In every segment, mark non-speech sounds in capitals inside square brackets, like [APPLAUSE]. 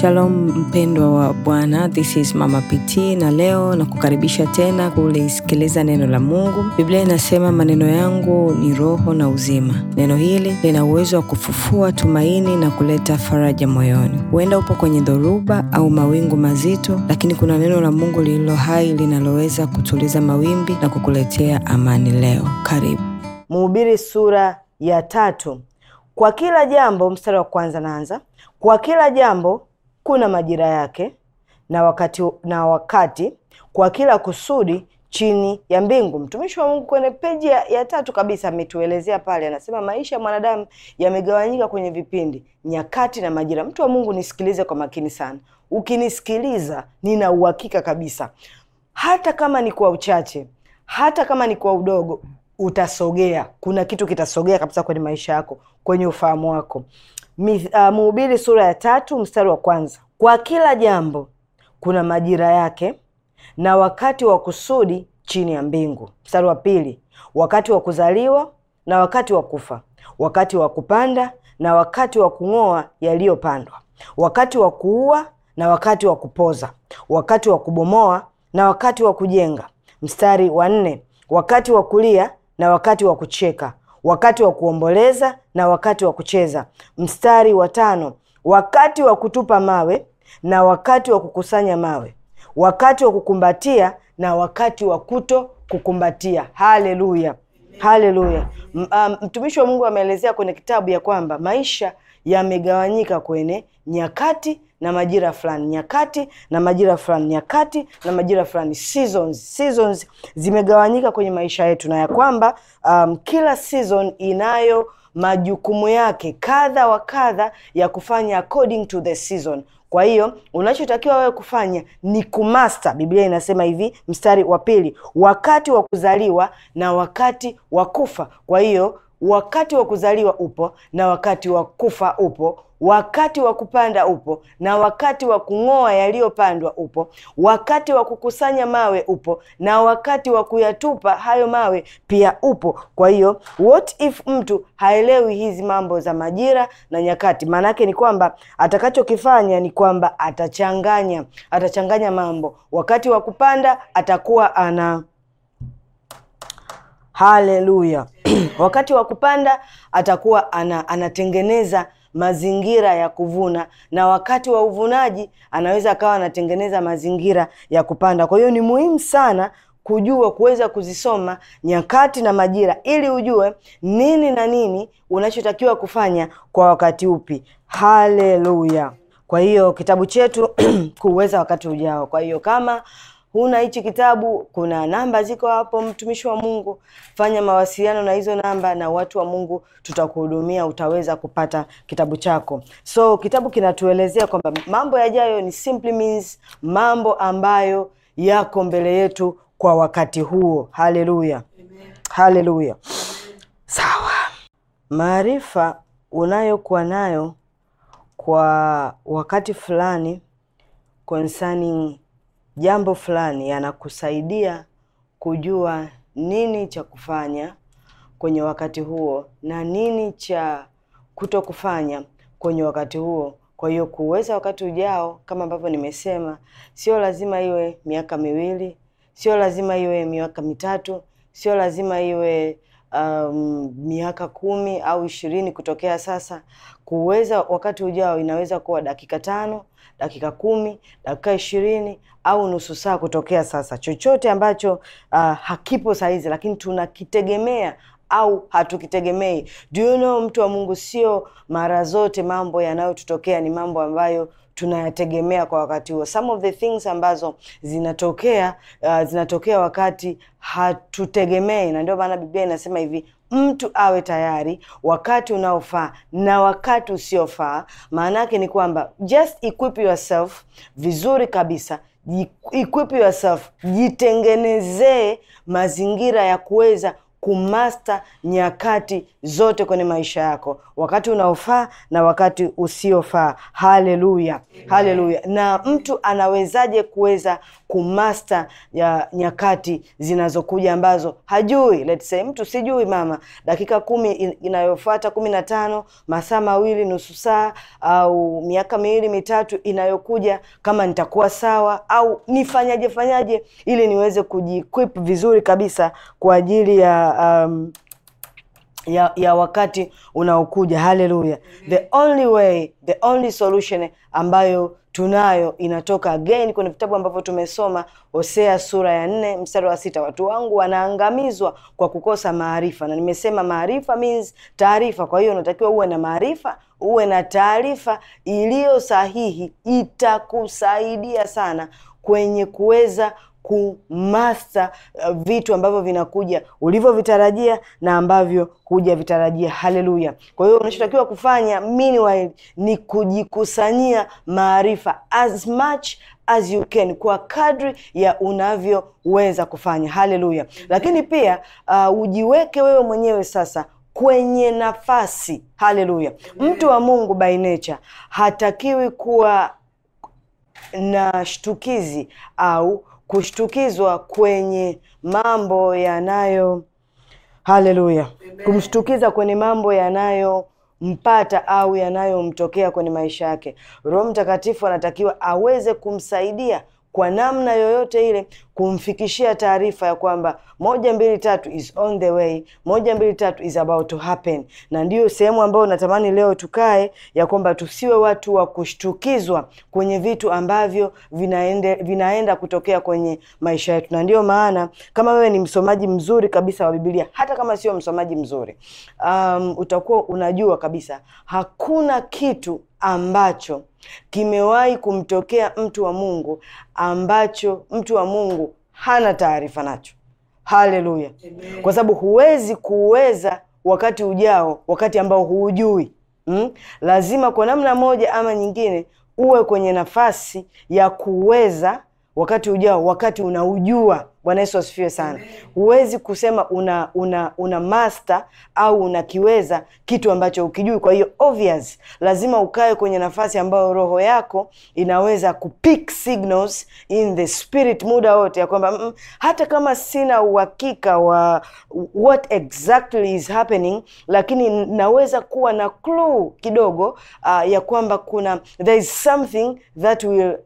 Shalom mpendwa wa Bwana, this is Mama PT na leo kukaribisha tena kulisikiliza neno la Mungu. Biblia inasema maneno yangu ni roho na uzima. Neno hili lina uwezo wa kufufua tumaini na kuleta faraja moyoni. Huenda upo kwenye dhoruba au mawingu mazito, lakini kuna neno la Mungu lililo hai linaloweza kutuliza mawimbi na kukuletea amani. Leo karibu Mhubiri sura ya tatu. Kwa kila jambo, mstari wa kwanza naanza. Kwa kila jambo kuna majira yake na wakati, na wakati kwa kila kusudi chini ya mbingu. Mtumishi wa Mungu kwenye peji ya, ya tatu kabisa ametuelezea pale, anasema maisha ya mwanadamu yamegawanyika kwenye vipindi, nyakati na majira. Mtu wa Mungu, nisikilize kwa makini sana. Ukinisikiliza, nina uhakika kabisa, hata kama ni kwa uchache, hata kama ni kwa udogo, utasogea. Kuna kitu kitasogea kabisa kwenye maisha yako, kwenye ufahamu wako. Uh, Mhubiri uh, sura ya tatu mstari wa kwanza. Kwa kila jambo kuna majira yake na wakati wa kusudi chini ya mbingu. Mstari wa pili, wakati wa kuzaliwa na wakati wa kufa, wakati wa kupanda na wakati wa kung'oa yaliyopandwa, wakati wa kuua na wakati wa kupoza, wakati wa kubomoa na wakati wa kujenga. Mstari wa nne, wakati wa kulia na wakati wa kucheka, wakati wa kuomboleza na wakati wa kucheza. Mstari wa tano, wakati wa kutupa mawe na wakati wa kukusanya mawe, wakati wa kukumbatia na wakati wa kuto kukumbatia. Haleluya, haleluya. Ah, mtumishi um, wa Mungu ameelezea kwenye kitabu ya kwamba maisha yamegawanyika kwenye nyakati na majira fulani nyakati na majira fulani nyakati na majira fulani seasons. Seasons zimegawanyika kwenye maisha yetu, na ya kwamba um, kila season inayo majukumu yake kadha wa kadha ya kufanya according to the season. Kwa hiyo unachotakiwa wewe kufanya ni kumasta. Biblia inasema hivi, mstari wa pili, wakati wa kuzaliwa na wakati wa kufa. Kwa hiyo Wakati wa kuzaliwa upo na wakati wa kufa upo, wakati wa kupanda upo na wakati wa kung'oa yaliyopandwa upo, wakati wa kukusanya mawe upo na wakati wa kuyatupa hayo mawe pia upo. Kwa hiyo what if mtu haelewi hizi mambo za majira na nyakati, maanake ni kwamba atakachokifanya ni kwamba atachanganya, atachanganya mambo. Wakati wa kupanda atakuwa ana Haleluya! [CLEARS THROAT] wakati wa kupanda atakuwa ana, anatengeneza mazingira ya kuvuna, na wakati wa uvunaji anaweza akawa anatengeneza mazingira ya kupanda. Kwa hiyo ni muhimu sana kujua kuweza kuzisoma nyakati na majira, ili ujue nini na nini unachotakiwa kufanya kwa wakati upi. Haleluya! Kwa hiyo kitabu chetu kuweza [CLEARS THROAT] wakati ujao. Kwa hiyo kama huna hichi kitabu, kuna namba ziko hapo, mtumishi wa Mungu, fanya mawasiliano na hizo namba na watu wa Mungu tutakuhudumia, utaweza kupata kitabu chako. So kitabu kinatuelezea kwamba mambo yajayo ni simply means mambo ambayo yako mbele yetu kwa wakati huo. Haleluya, haleluya. Sawa, maarifa unayokuwa nayo kwa wakati fulani concerning jambo fulani yanakusaidia kujua nini cha kufanya kwenye wakati huo na nini cha kuto kufanya kwenye wakati huo. Kwa hiyo kuweza wakati ujao, kama ambavyo nimesema, sio lazima iwe miaka miwili, sio lazima iwe miaka mitatu, sio lazima iwe um, miaka kumi au ishirini kutokea sasa. Kuweza wakati ujao inaweza kuwa dakika tano dakika kumi, dakika ishirini au nusu saa kutokea sasa, chochote ambacho uh, hakipo sahizi, lakini tunakitegemea au hatukitegemei. Do you know, mtu wa Mungu, sio mara zote mambo yanayotutokea ni mambo ambayo tunayategemea kwa wakati huo. Some of the things ambazo zinatokea uh, zinatokea wakati hatutegemei, na ndio maana Biblia inasema hivi, mtu awe tayari wakati unaofaa na wakati usiofaa. Maana yake ni kwamba just equip yourself vizuri kabisa, equip yourself, jitengenezee mazingira ya kuweza kumasta nyakati zote kwenye maisha yako, wakati unaofaa na wakati usiofaa. Haleluya, haleluya! Na mtu anawezaje kuweza kumasta ya nyakati zinazokuja ambazo hajui? Let's say mtu sijui mama, dakika kumi inayofuata kumi na tano, masaa mawili, nusu saa, au miaka miwili mitatu inayokuja, kama nitakuwa sawa au nifanyaje fanyaje, ili niweze kujiequip vizuri kabisa kwa ajili ya um, ya, ya wakati unaokuja. Haleluya! The only way, the only solution ambayo tunayo inatoka again kwenye vitabu ambavyo tumesoma, Hosea sura ya nne mstari wa sita watu wangu wanaangamizwa kwa kukosa maarifa. Na nimesema maarifa means taarifa. Kwa hiyo unatakiwa uwe na maarifa, uwe na taarifa iliyo sahihi, itakusaidia sana kwenye kuweza kumasta uh, vitu ambavyo vinakuja ulivyovitarajia na ambavyo hujavitarajia. Haleluya! Kwa hiyo unachotakiwa kufanya meanwhile ni kujikusanyia maarifa as much as you can kwa kadri ya unavyoweza kufanya. Haleluya! Lakini pia uh, ujiweke wewe mwenyewe sasa kwenye nafasi. Haleluya! Mtu wa Mungu by nature hatakiwi kuwa na shtukizi au kushtukizwa kwenye mambo yanayo haleluya, kumshtukiza kwenye mambo yanayompata au yanayomtokea kwenye maisha yake. Roho Mtakatifu anatakiwa aweze kumsaidia kwa namna yoyote ile kumfikishia taarifa ya kwamba moja mbili tatu is on the way, moja mbili tatu is about to happen. Na ndiyo sehemu ambayo natamani leo tukae, ya kwamba tusiwe watu wa kushtukizwa kwenye vitu ambavyo vinaende, vinaenda kutokea kwenye maisha yetu. Na ndiyo maana kama wewe ni msomaji mzuri kabisa wa Biblia, hata kama sio msomaji mzuri um, utakuwa unajua kabisa hakuna kitu ambacho kimewahi kumtokea mtu wa Mungu ambacho mtu wa Mungu hana taarifa nacho. Haleluya! Kwa sababu huwezi kuuweza wakati ujao, wakati ambao huujui. hmm? Lazima kwa namna moja ama nyingine uwe kwenye nafasi ya kuweza wakati ujao, wakati unaujua. Bwana Yesu asifiwe sana. Huwezi kusema una una una master au unakiweza kitu ambacho ukijui. Kwa hiyo obvious, lazima ukae kwenye nafasi ambayo roho yako inaweza kupick signals in the spirit muda wote, ya kwamba mm, hata kama sina uhakika wa what exactly is happening, lakini naweza kuwa na clue kidogo uh, ya kwamba kuna there is something that will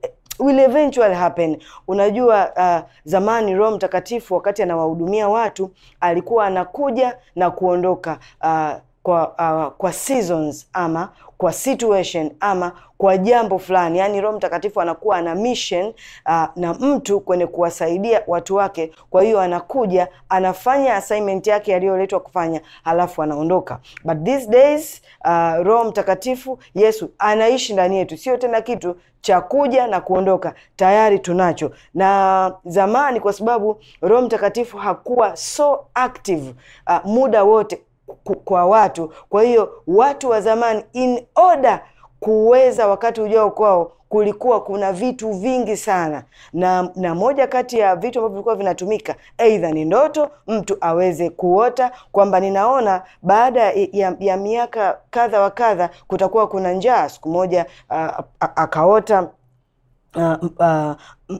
will eventually happen. Unajua uh, zamani Roho Mtakatifu wakati anawahudumia watu alikuwa anakuja na kuondoka uh, kwa uh, kwa seasons ama kwa situation ama kwa jambo fulani, yaani Roho Mtakatifu anakuwa ana mission uh, na mtu kwenye kuwasaidia watu wake. Kwa hiyo anakuja anafanya assignment yake aliyoletwa kufanya, halafu anaondoka. But these days uh, Roho Mtakatifu Yesu anaishi ndani yetu, sio tena kitu cha kuja na kuondoka, tayari tunacho. Na zamani, kwa sababu Roho Mtakatifu hakuwa so active uh, muda wote kwa watu. Kwa hiyo watu wa zamani in order kuweza wakati ujao kwao kulikuwa kuna vitu vingi sana na, na moja kati ya vitu ambavyo vilikuwa vinatumika aidha ni ndoto, mtu aweze kuota kwamba ninaona baada ya, ya miaka kadha wa kadha kutakuwa kuna njaa. Siku moja akaota Uh, uh,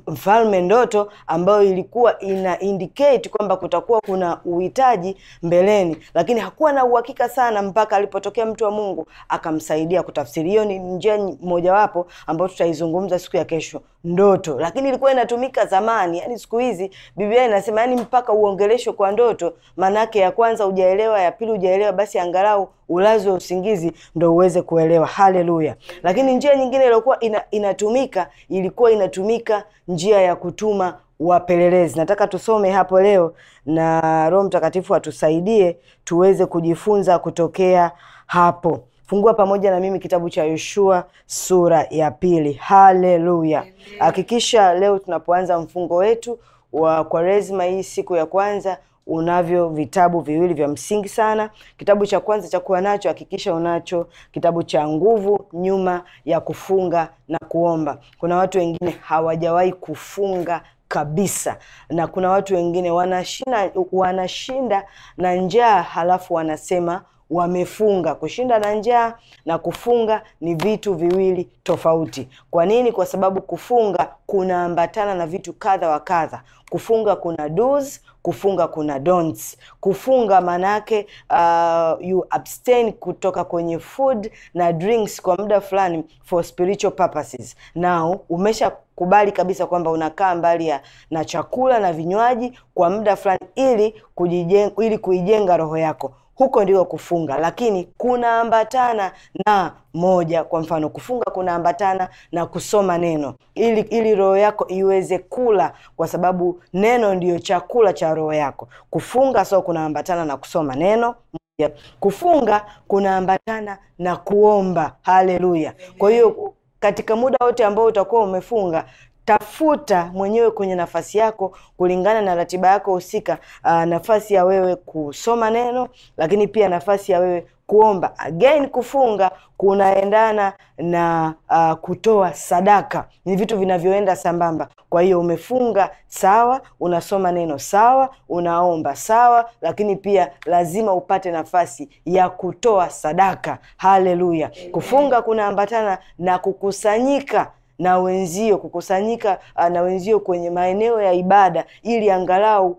mfalme ndoto ambayo ilikuwa ina indicate kwamba kutakuwa kuna uhitaji mbeleni, lakini hakuwa na uhakika sana mpaka alipotokea mtu wa Mungu akamsaidia kutafsiri. Hiyo ni njia mojawapo ambayo tutaizungumza siku ya kesho, ndoto, lakini ilikuwa inatumika zamani. Yani siku hizi Biblia inasema yani mpaka uongeleshwe kwa ndoto, manake ya kwanza hujaelewa, ya pili hujaelewa, basi angalau ulazi wa usingizi ndo uweze kuelewa. Haleluya! Lakini njia nyingine iliyokuwa ina, inatumika ilikuwa inatumika njia ya kutuma wapelelezi. Nataka tusome hapo leo na Roho Mtakatifu atusaidie tuweze kujifunza kutokea hapo. Fungua pamoja na mimi kitabu cha Yoshua sura ya pili. Haleluya! Hakikisha leo tunapoanza mfungo wetu wa kwarezma hii siku ya kwanza unavyo vitabu viwili vya msingi sana. Kitabu cha kwanza cha kuwa nacho, hakikisha unacho kitabu cha Nguvu Nyuma ya Kufunga na Kuomba. Kuna watu wengine hawajawahi kufunga kabisa na kuna watu wengine wanashinda, wanashinda na njaa halafu wanasema wamefunga. Kushinda na njaa na kufunga ni vitu viwili tofauti. Kwa nini? Kwa sababu kufunga kunaambatana na vitu kadha wa kadha. Kufunga kuna do's, kufunga kuna dons Kufunga maana uh, you abstain kutoka kwenye food na drinks kwa muda fulani for spiritual purposes. Now umesha kubali kabisa kwamba unakaa mbali ya na chakula na vinywaji kwa muda fulani ili kujijenga, ili kuijenga roho yako huko ndiko kufunga, lakini kunaambatana na moja. Kwa mfano, kufunga kunaambatana na kusoma neno ili, ili roho yako iweze kula, kwa sababu neno ndiyo chakula cha roho yako. Kufunga so kunaambatana na kusoma neno moja. Kufunga kunaambatana na kuomba. Haleluya! Kwa hiyo katika muda wote ambao utakuwa umefunga, tafuta mwenyewe kwenye nafasi yako kulingana na ratiba yako husika. Uh, nafasi ya wewe kusoma neno, lakini pia nafasi ya wewe kuomba. Again, kufunga kunaendana na uh, kutoa sadaka, ni vitu vinavyoenda sambamba. Kwa hiyo umefunga sawa, unasoma neno sawa, unaomba sawa, lakini pia lazima upate nafasi ya kutoa sadaka. Haleluya! Kufunga kunaambatana na kukusanyika na wenzio kukusanyika ah, na wenzio kwenye maeneo ya ibada, ili angalau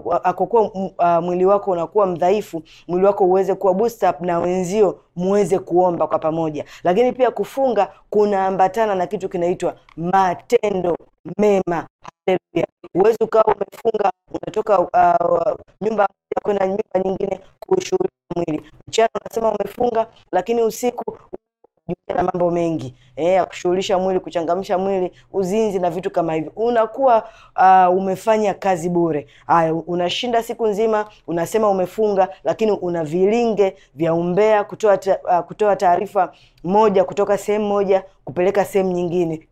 uh, akokuwa uh, mwili wako unakuwa mdhaifu, mwili wako uweze kuwa boost up na wenzio muweze kuomba kwa pamoja. Lakini pia kufunga kunaambatana na kitu kinaitwa matendo mema. Haleluya! Huwezi ukawa umefunga unatoka uh, nyumba moja kwenda nyumba nyingine kushuhudia mwili. Mchana unasema umefunga, lakini usiku na mambo mengi eh, ya kushughulisha mwili, kuchangamsha mwili, uzinzi na vitu kama hivyo, unakuwa uh, umefanya kazi bure. Haya, unashinda siku nzima unasema umefunga, lakini una vilinge vya umbea, kutoa uh, kutoa taarifa moja kutoka sehemu moja kupeleka sehemu nyingine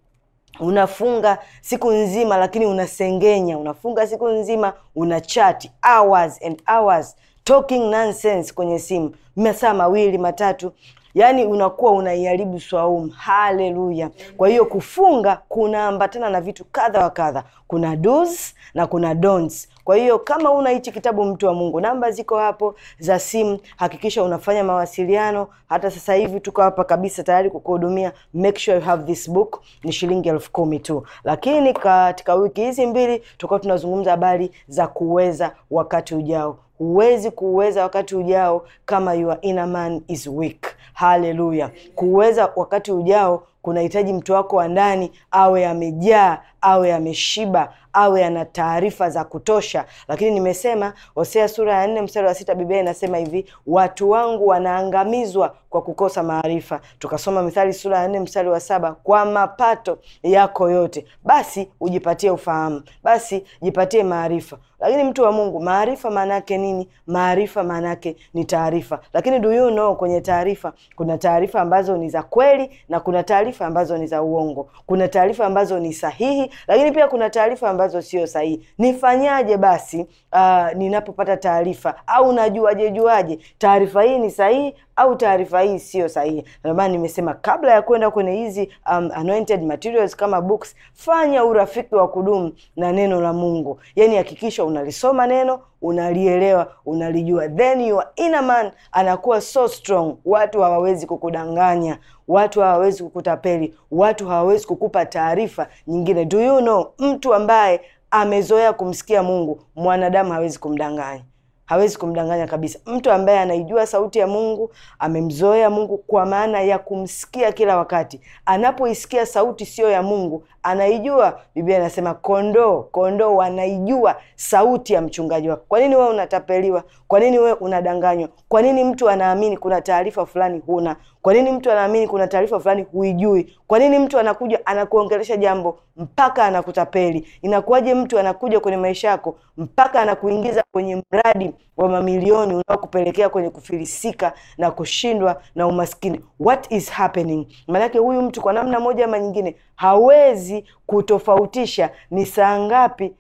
unafunga siku nzima lakini unasengenya, unafunga siku nzima una chat hours and hours talking nonsense kwenye simu masaa mawili matatu yaani unakuwa unaiharibu swaumu. Haleluya! Kwa hiyo kufunga kunaambatana na vitu kadha wa kadha, kuna do's na kuna dons Kwa hiyo kama una hichi kitabu, mtu wa Mungu, namba ziko hapo za simu, hakikisha unafanya mawasiliano. Hata sasa hivi tuko hapa kabisa tayari kukuhudumia. Make sure you have this book, ni shilingi elfu kumi tu, lakini katika wiki hizi mbili tutakuwa tunazungumza habari za kuweza wakati ujao. Huwezi kuweza wakati ujao kama your inner man is weak. Haleluya! Kuweza wakati ujao kunahitaji mtu wako wa ndani awe amejaa, awe ameshiba, awe ana taarifa za kutosha. Lakini nimesema Hosea sura ya nne mstari wa sita Biblia inasema hivi, watu wangu wanaangamizwa kwa kukosa maarifa. Tukasoma Mithali sura ya nne mstari wa saba kwa mapato yako yote basi ujipatie ufahamu, basi jipatie maarifa. Lakini mtu wa Mungu, maarifa maana yake nini? Maarifa maana yake ni taarifa, lakini do you know, kwenye taarifa kuna taarifa ambazo ni za kweli na kuna taarifa ambazo ni za uongo, kuna taarifa ambazo ni sahihi, lakini pia kuna taarifa ambazo sio sahihi. Nifanyaje basi uh, ninapopata taarifa au najuaje juaje taarifa hii ni sahihi au taarifa hii siyo sahihi. Ndio maana nimesema kabla ya kwenda kwenye hizi um, anointed materials kama books, fanya urafiki wa kudumu na neno la Mungu, yani hakikisha unalisoma neno, unalielewa, unalijua, then your inner man anakuwa so strong, watu hawawezi kukudanganya, watu hawawezi kukutapeli, watu hawawezi kukupa taarifa nyingine. Do you know, mtu ambaye amezoea kumsikia Mungu, mwanadamu hawezi kumdanganya, hawezi kumdanganya kabisa. Mtu ambaye anaijua sauti ya Mungu, amemzoea Mungu kwa maana ya kumsikia kila wakati, anapoisikia sauti siyo ya Mungu anaijua. Biblia inasema kondoo, kondoo wanaijua sauti ya mchungaji wake. Kwa nini wewe unatapeliwa? Kwa nini wewe unadanganywa? Kwa nini mtu anaamini kuna taarifa fulani huna? Kwa nini mtu anaamini kuna taarifa fulani huijui? Kwa nini mtu anakuja anakuongelesha jambo mpaka anakutapeli? Inakuwaje mtu anakuja kwenye maisha yako mpaka anakuingiza kwenye mradi wa mamilioni unaokupelekea kwenye kufilisika na kushindwa na umaskini? What is happening? Maanake huyu mtu kwa namna moja ama nyingine hawezi kutofautisha ni saa ngapi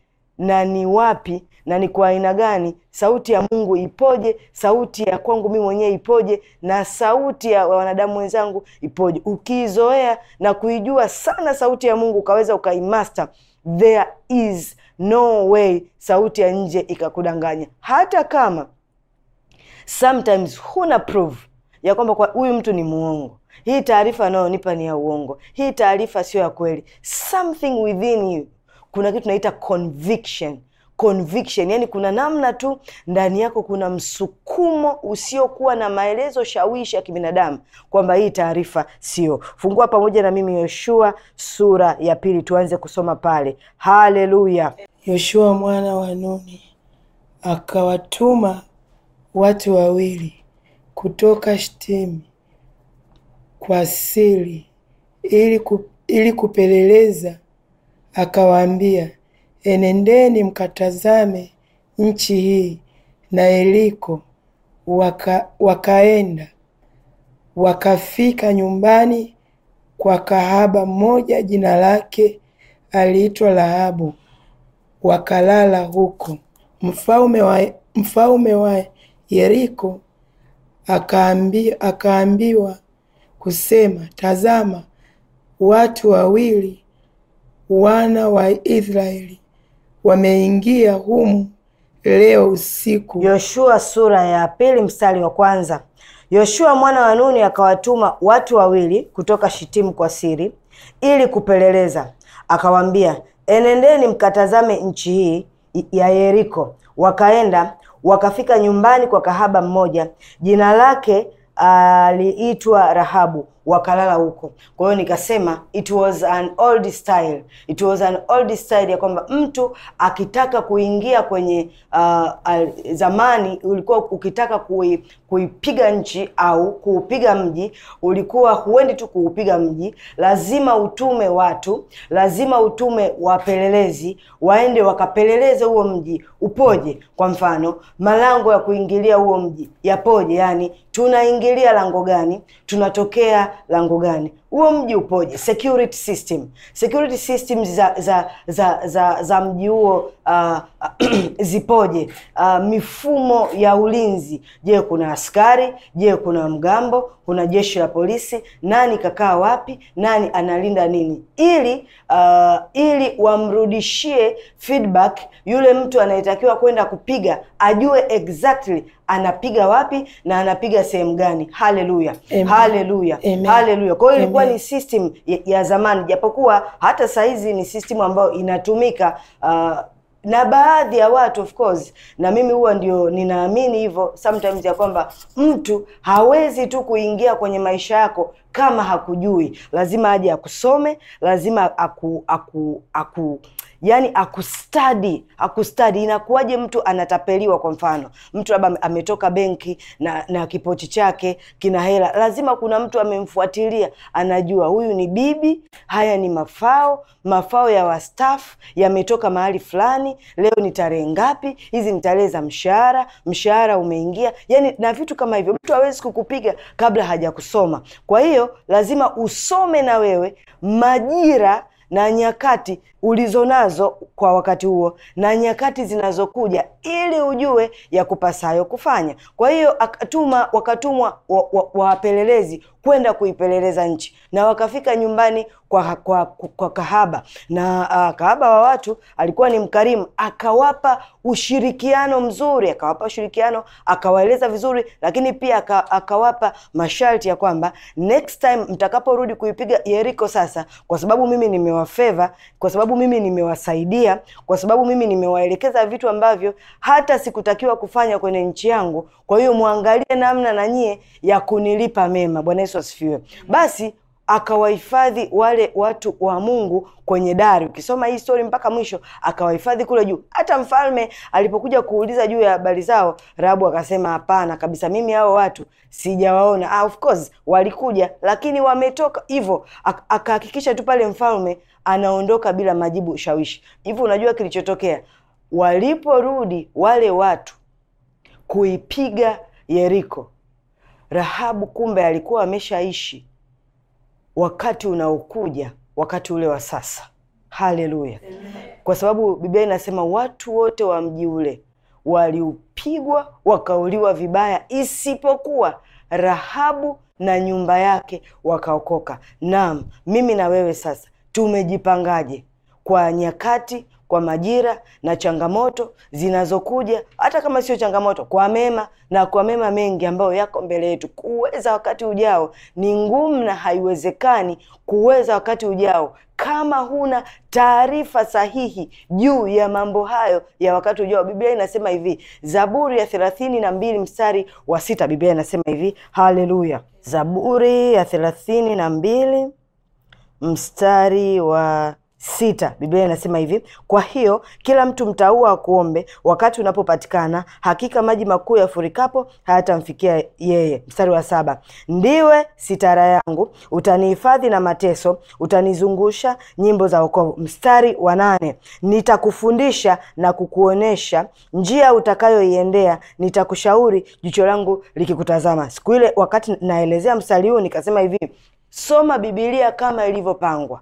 na ni wapi na ni kwa aina gani, sauti ya Mungu ipoje, sauti ya kwangu mimi mwenyewe ipoje, na sauti ya wanadamu wenzangu ipoje. Ukiizoea na kuijua sana sauti ya Mungu, ukaweza ukaimaster, there is no way sauti ya nje ikakudanganya, hata kama sometimes huna proof ya kwamba kwa huyu mtu ni muongo hii taarifa anayonipa ni ya uongo, hii taarifa sio ya kweli. Something within you kuna kitu tunaita conviction conviction yani kuna namna tu ndani yako kuna msukumo usiokuwa na maelezo shawishi ya kibinadamu kwamba hii taarifa sio fungua pamoja na mimi yoshua sura ya pili tuanze kusoma pale haleluya yoshua mwana wa nuni akawatuma watu wawili kutoka shtimi kwa siri ili, ku, ili kupeleleza akawaambia, enendeni mkatazame nchi hii na iliko. Waka, wakaenda wakafika nyumbani kwa kahaba mmoja jina lake aliitwa Rahabu, wakalala huko. Mfalme wa, mfalme wa Yeriko akaambi, akaambiwa kusema, tazama watu wawili wana wa Israeli wameingia humu leo usiku. Yoshua sura ya pili mstari wa kwanza. Yoshua mwana wa Nuni akawatuma watu wawili kutoka Shitimu kwa siri ili kupeleleza, akawaambia, enendeni mkatazame nchi hii ya Yeriko. Wakaenda wakafika nyumbani kwa kahaba mmoja, jina lake aliitwa ah, Rahabu wakalala huko. Kwa hiyo nikasema it was an old style, it was an old style ya kwamba mtu akitaka kuingia kwenye uh, uh, zamani ulikuwa ukitaka kui, kuipiga nchi au kuupiga mji, ulikuwa huendi tu kuupiga mji, lazima utume watu, lazima utume wapelelezi waende wakapeleleze huo mji upoje. Kwa mfano, malango ya kuingilia huo mji yapoje, yani tunaingilia lango gani, tunatokea langu gani? huo mji upoje security system security systems za za za za, za mji huo uh, [CLEARS THROAT] zipoje uh, mifumo ya ulinzi je kuna askari je kuna mgambo kuna jeshi la polisi nani kakaa wapi nani analinda nini ili uh, ili wamrudishie feedback yule mtu anayetakiwa kwenda kupiga ajue exactly anapiga wapi na anapiga sehemu gani haleluya haleluya haleluya kwa hiyo ilikuwa ilikuwa ni system ya, ya zamani, japokuwa hata sahizi ni system ambayo inatumika uh, na baadhi ya watu of course, na mimi huwa ndio ninaamini hivyo sometimes, ya kwamba mtu hawezi tu kuingia kwenye maisha yako kama hakujui. Lazima aje akusome, lazima aku, aku, aku yani akustadi akustadi inakuwaje mtu anatapeliwa kwa mfano mtu labda ametoka benki na na kipochi chake kina hela lazima kuna mtu amemfuatilia anajua huyu ni bibi haya ni mafao mafao ya wastafu yametoka mahali fulani leo ni tarehe ngapi hizi ni tarehe za mshahara mshahara umeingia yani na vitu kama hivyo mtu awezi kukupiga kabla hajakusoma kwa hiyo lazima usome na wewe majira na nyakati ulizonazo kwa wakati huo na nyakati zinazokuja, ili ujue ya kupasayo kufanya. Kwa hiyo akatuma wakatumwa wapelelezi wa, wa kwenda kuipeleleza nchi, na wakafika nyumbani kwa, kwa, kwa kahaba na uh, kahaba wa watu alikuwa ni mkarimu, akawapa ushirikiano mzuri, akawapa ushirikiano, akawaeleza vizuri, lakini pia akawapa masharti ya kwamba next time mtakaporudi kuipiga Yeriko sasa, kwa sababu mimi nimewafeva, kwa sababu mimi nimewasaidia, kwa sababu mimi nimewaelekeza vitu ambavyo hata sikutakiwa kufanya kwenye nchi yangu, kwa hiyo muangalie namna na nyie ya kunilipa mema. Bwana Yesu asifiwe. Basi akawahifadhi wale watu wa Mungu kwenye dari. Ukisoma hii stori mpaka mwisho, akawahifadhi kule juu. Hata mfalme alipokuja kuuliza juu ya habari zao, rabu akasema hapana kabisa, mimi hao watu sijawaona. Ah, of course walikuja, lakini wametoka hivyo. Akahakikisha tu pale mfalme anaondoka bila majibu shawishi. Hivyo unajua kilichotokea, waliporudi wale watu kuipiga Yeriko, Rahabu kumbe alikuwa ameshaishi wakati unaokuja, wakati ule wa sasa. Haleluya! Kwa sababu Biblia inasema watu wote wa mji ule waliupigwa wakauliwa vibaya, isipokuwa Rahabu na nyumba yake wakaokoka. Naam, mimi na wewe sasa tumejipangaje? kwa nyakati, kwa majira na changamoto zinazokuja, hata kama sio changamoto, kwa mema na kwa mema mengi ambayo yako mbele yetu. Kuweza wakati ujao ni ngumu na haiwezekani kuweza wakati ujao kama huna taarifa sahihi juu ya mambo hayo ya wakati ujao. Biblia inasema hivi, Zaburi ya thelathini na mbili mstari wa sita. Biblia inasema hivi, haleluya. Zaburi ya thelathini na mbili mstari wa sita Biblia inasema hivi: kwa hiyo kila mtu mtaua akuombe wakati unapopatikana, hakika maji makuu yafurikapo hayatamfikia yeye. Mstari wa saba: ndiwe sitara yangu, utanihifadhi na mateso, utanizungusha nyimbo za okovu Mstari wa nane: nitakufundisha na kukuonesha njia utakayoiendea, nitakushauri, jicho langu likikutazama. Siku ile wakati naelezea mstari huu nikasema hivi, soma bibilia kama ilivyopangwa.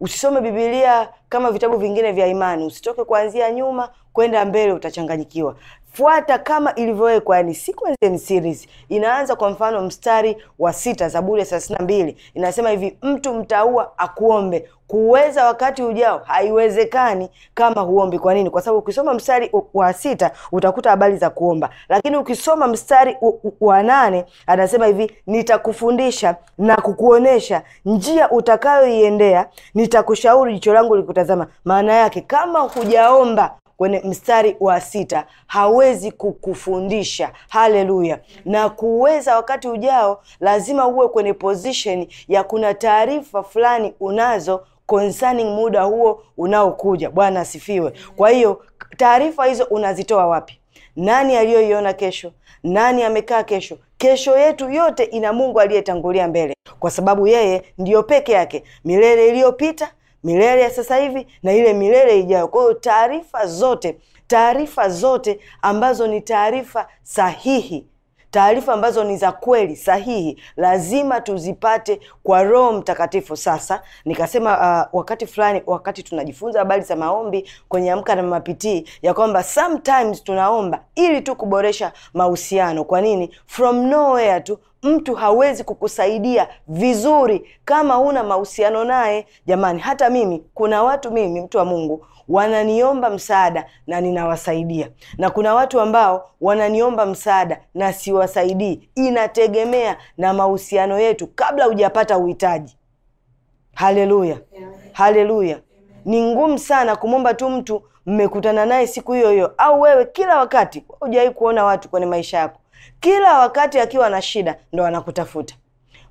Usisome Biblia kama vitabu vingine vya imani, usitoke kuanzia nyuma kwenda mbele, utachanganyikiwa fuata kama ilivyowekwa, yani sequence and series. Inaanza kwa mfano mstari wa sita Zaburi ya thelathini na mbili inasema hivi, mtu mtaua akuombe kuweza wakati ujao haiwezekani kama huombi. Kwa nini? Kwa sababu ukisoma mstari wa sita utakuta habari za kuomba, lakini ukisoma mstari wa nane anasema hivi, nitakufundisha na kukuonesha njia utakayoiendea, nitakushauri jicho langu likutazama. Maana yake kama hujaomba kwenye mstari wa sita hawezi kukufundisha haleluya na kuweza wakati ujao lazima uwe kwenye position ya kuna taarifa fulani unazo concerning muda huo unaokuja bwana asifiwe kwa hiyo taarifa hizo unazitoa wapi nani aliyoiona kesho nani amekaa kesho kesho yetu yote ina mungu aliyetangulia mbele kwa sababu yeye ndiyo peke yake milele iliyopita milele ya sasa hivi na ile milele ijayo. Kwa hiyo taarifa zote, taarifa zote ambazo ni taarifa sahihi taarifa ambazo ni za kweli sahihi lazima tuzipate kwa Roho Mtakatifu. Sasa nikasema uh, wakati fulani, wakati tunajifunza habari za maombi kwenye Amka na Mapitii, ya kwamba sometimes tunaomba ili tu kuboresha mahusiano. Kwa nini? From nowhere tu mtu hawezi kukusaidia vizuri kama huna mahusiano naye. Jamani, hata mimi kuna watu, mimi mtu wa Mungu wananiomba msaada na ninawasaidia, na kuna watu ambao wananiomba msaada na siwasaidii. Inategemea na mahusiano yetu kabla hujapata uhitaji. Haleluya, haleluya. Ni ngumu sana kumwomba tu mtu mmekutana naye siku hiyo hiyo, au wewe kila wakati. Hujawahi kuona watu kwenye maisha yako kila wakati akiwa na shida ndo anakutafuta,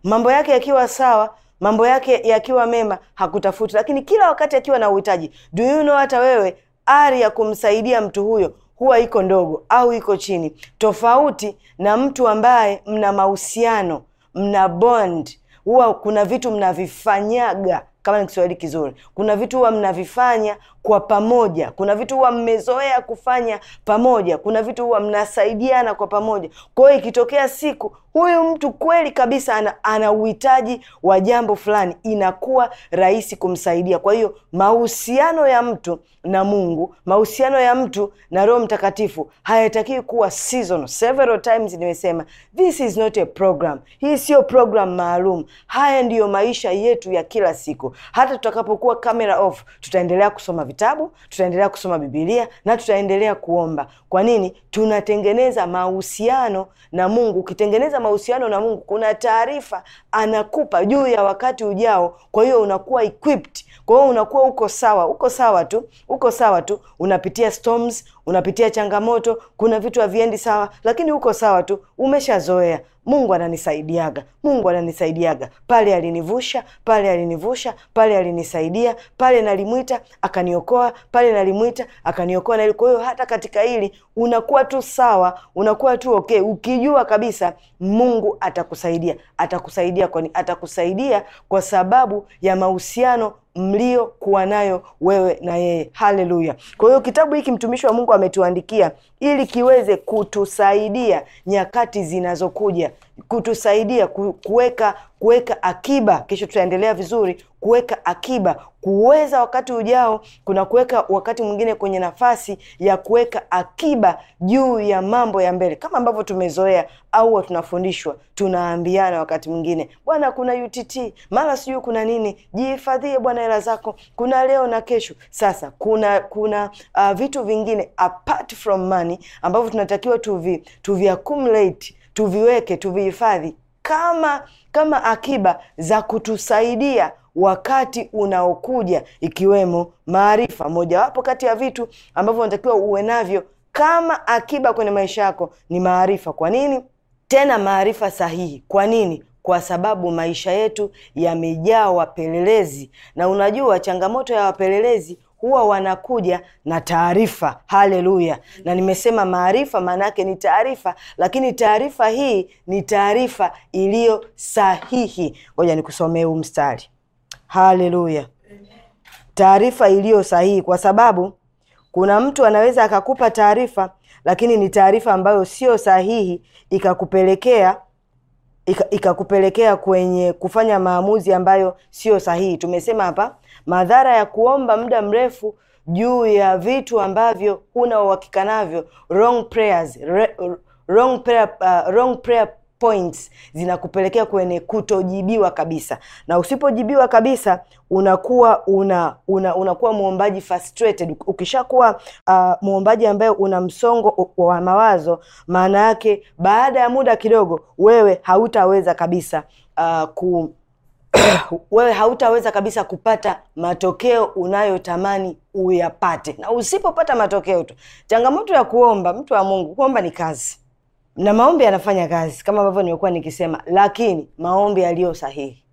mambo yake yakiwa sawa mambo yake yakiwa mema hakutafuti, lakini kila wakati akiwa na uhitaji. Do you know, hata wewe ari ya kumsaidia mtu huyo huwa iko ndogo au iko chini, tofauti na mtu ambaye mna mahusiano, mna bond, huwa kuna vitu mnavifanyaga kama ni Kiswahili kizuri. Kuna vitu huwa mnavifanya kwa pamoja, kuna vitu huwa mmezoea kufanya pamoja, kuna vitu huwa mnasaidiana kwa pamoja. Kwa hiyo ikitokea siku huyu mtu kweli kabisa ana, ana uhitaji wa jambo fulani, inakuwa rahisi kumsaidia. Kwa hiyo mahusiano ya mtu na Mungu, mahusiano ya mtu na Roho Mtakatifu hayatakiwi kuwa season Several times nimesema this is not a program, hii sio program maalum. Haya ndiyo maisha yetu ya kila siku. Hata tutakapokuwa camera off, tutaendelea kusoma vitabu, tutaendelea kusoma bibilia na tutaendelea kuomba. Kwa nini? Tunatengeneza mahusiano na Mungu. Ukitengeneza mahusiano na Mungu, kuna taarifa anakupa juu ya wakati ujao. Kwa hiyo unakuwa equipped, kwa hiyo unakuwa uko sawa, uko sawa tu, uko sawa tu. Unapitia storms, unapitia changamoto, kuna vitu haviendi sawa, lakini uko sawa tu, umeshazoea. Mungu ananisaidiaga, Mungu ananisaidiaga. Pale alinivusha, pale alinivusha, pale alinisaidia, pale nalimwita akaniokoa, pale nalimwita akaniokoa na kwa hiyo hata katika hili unakuwa tu sawa, unakuwa tu okay, ukijua kabisa Mungu atakusaidia, atakusaidia kwani atakusaidia kwa sababu ya mahusiano mliokuwa nayo wewe na yeye. Haleluya! Kwa hiyo kitabu hiki mtumishi wa Mungu ametuandikia ili kiweze kutusaidia nyakati zinazokuja kutusaidia kuweka kuweka akiba, kisha tutaendelea vizuri, kuweka akiba, kuweza wakati ujao, kuna kuweka wakati mwingine kwenye nafasi ya kuweka akiba juu ya mambo ya mbele, kama ambavyo tumezoea au tunafundishwa, tunaambiana wakati mwingine, bwana, kuna UTT mara sijui kuna nini, jihifadhie bwana hela zako, kuna leo na kesho. Sasa kuna kuna uh, vitu vingine apart from money ambavyo tunatakiwa tuvi tuvi accumulate tuviweke, tuvihifadhi kama kama akiba za kutusaidia wakati unaokuja, ikiwemo maarifa. Mojawapo kati ya vitu ambavyo unatakiwa uwe navyo kama akiba kwenye maisha yako ni maarifa. Kwa nini tena maarifa sahihi? Kwa nini? Kwa sababu maisha yetu yamejaa wapelelezi, na unajua changamoto ya wapelelezi huwa wanakuja na taarifa. Haleluya! Na nimesema maarifa, maana ni taarifa, lakini taarifa hii ni taarifa iliyo sahihi. Ngoja nikusomee huu mstari. Haleluya! Taarifa iliyo sahihi, kwa sababu kuna mtu anaweza akakupa taarifa, lakini ni taarifa ambayo sio sahihi, ikakupelekea ikakupelekea kwenye kufanya maamuzi ambayo sio sahihi. Tumesema hapa madhara ya kuomba muda mrefu juu ya vitu ambavyo huna uhakika navyo, wrong prayers, re, wrong prayer, uh, wrong prayer points zinakupelekea kwenye kutojibiwa kabisa, na usipojibiwa kabisa unakuwa una, una unakuwa muombaji frustrated. Ukishakuwa uh, muombaji ambaye una msongo wa mawazo, maana yake baada ya muda kidogo wewe hautaweza kabisa uh, ku [CLEARS THROAT] wewe hautaweza kabisa kupata matokeo unayotamani uyapate, na usipopata matokeo tu. Changamoto ya kuomba, mtu wa Mungu, kuomba ni kazi na maombi yanafanya kazi kama ambavyo nimekuwa nikisema, lakini maombi yaliyo sahihi,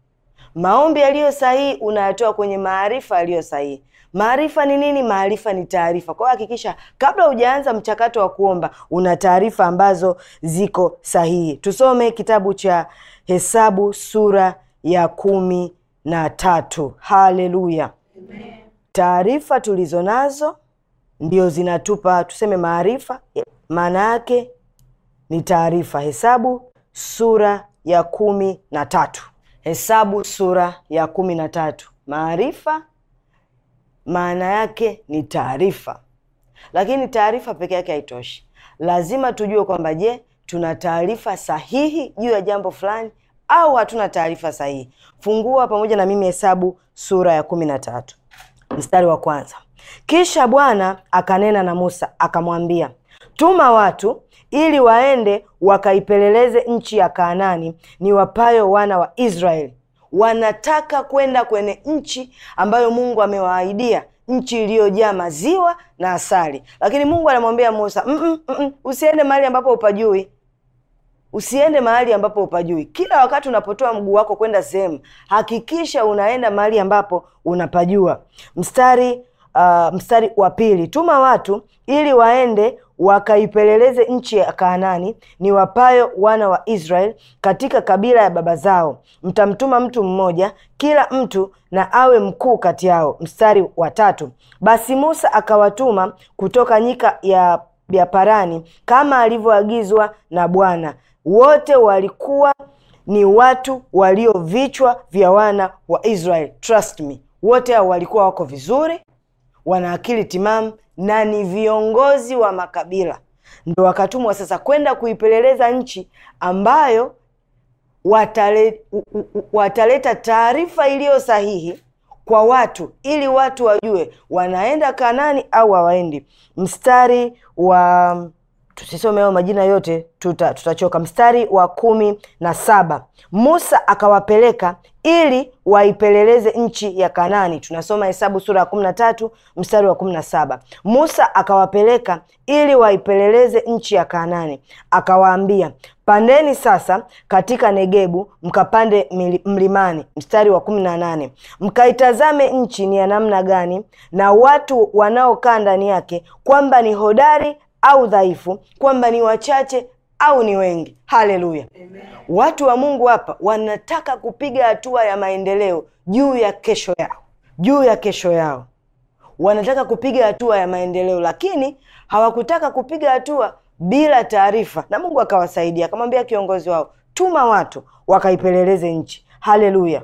maombi yaliyo sahihi unayatoa kwenye maarifa yaliyo sahihi. Maarifa ni nini? Maarifa ni taarifa. Kwa hiyo hakikisha kabla hujaanza mchakato wa kuomba una taarifa ambazo ziko sahihi. Tusome kitabu cha Hesabu sura ya kumi na tatu. Haleluya! Taarifa tulizo nazo ndio zinatupa tuseme maarifa, maana yake ni taarifa. Hesabu sura ya kumi na tatu. Hesabu sura ya kumi na tatu. Maarifa maana yake ni taarifa, lakini taarifa peke yake haitoshi. Lazima tujue kwamba, je, tuna taarifa sahihi juu ya jambo fulani au hatuna taarifa sahihi. Fungua pamoja na mimi Hesabu sura ya kumi na tatu mstari wa kwanza. Kisha Bwana akanena na Musa akamwambia, tuma watu ili waende wakaipeleleze nchi ya kaanani ni wapayo wana wa Israeli. Wanataka kwenda kwenye nchi ambayo Mungu amewaahidia, nchi iliyojaa maziwa na asali, lakini Mungu anamwambia Musa, mm -mm, mm -mm, usiende mahali ambapo upajui Usiende mahali ambapo upajui. Kila wakati unapotoa mguu wako kwenda sehemu, hakikisha unaenda mahali ambapo unapajua. Mstari uh, mstari wa pili, tuma watu ili waende wakaipeleleze nchi ya Kaanani ni wapayo wana wa israel katika kabila ya baba zao. Mtamtuma mtu mmoja kila mtu na awe mkuu kati yao. Mstari wa tatu, basi Musa akawatuma kutoka nyika ya ya Parani kama alivyoagizwa na Bwana wote walikuwa ni watu walio vichwa vya wana wa israel Trust me, wote hao walikuwa wako vizuri, wana akili timamu na ni viongozi wa makabila, ndio wakatumwa sasa kwenda kuipeleleza nchi ambayo watale, wataleta taarifa iliyo sahihi kwa watu ili watu wajue wanaenda Kanani au hawaendi. Mstari wa tusisome hayo majina yote, tuta, tutachoka. Mstari wa kumi na saba Musa akawapeleka ili waipeleleze nchi ya kanani Tunasoma Hesabu sura ya kumi na tatu mstari wa kumi na saba Musa akawapeleka ili waipeleleze nchi ya kanani akawaambia pandeni sasa katika Negebu mkapande mlimani. Mstari wa kumi na nane mkaitazame nchi ni ya namna gani, na watu wanaokaa ndani yake, kwamba ni hodari au dhaifu, kwamba ni wachache au ni wengi. Haleluya! Watu wa Mungu hapa wanataka kupiga hatua ya maendeleo juu ya kesho yao, juu ya kesho yao wanataka kupiga hatua ya maendeleo, lakini hawakutaka kupiga hatua bila taarifa, na Mungu akawasaidia akamwambia kiongozi wao, tuma watu wakaipeleleze nchi. Haleluya!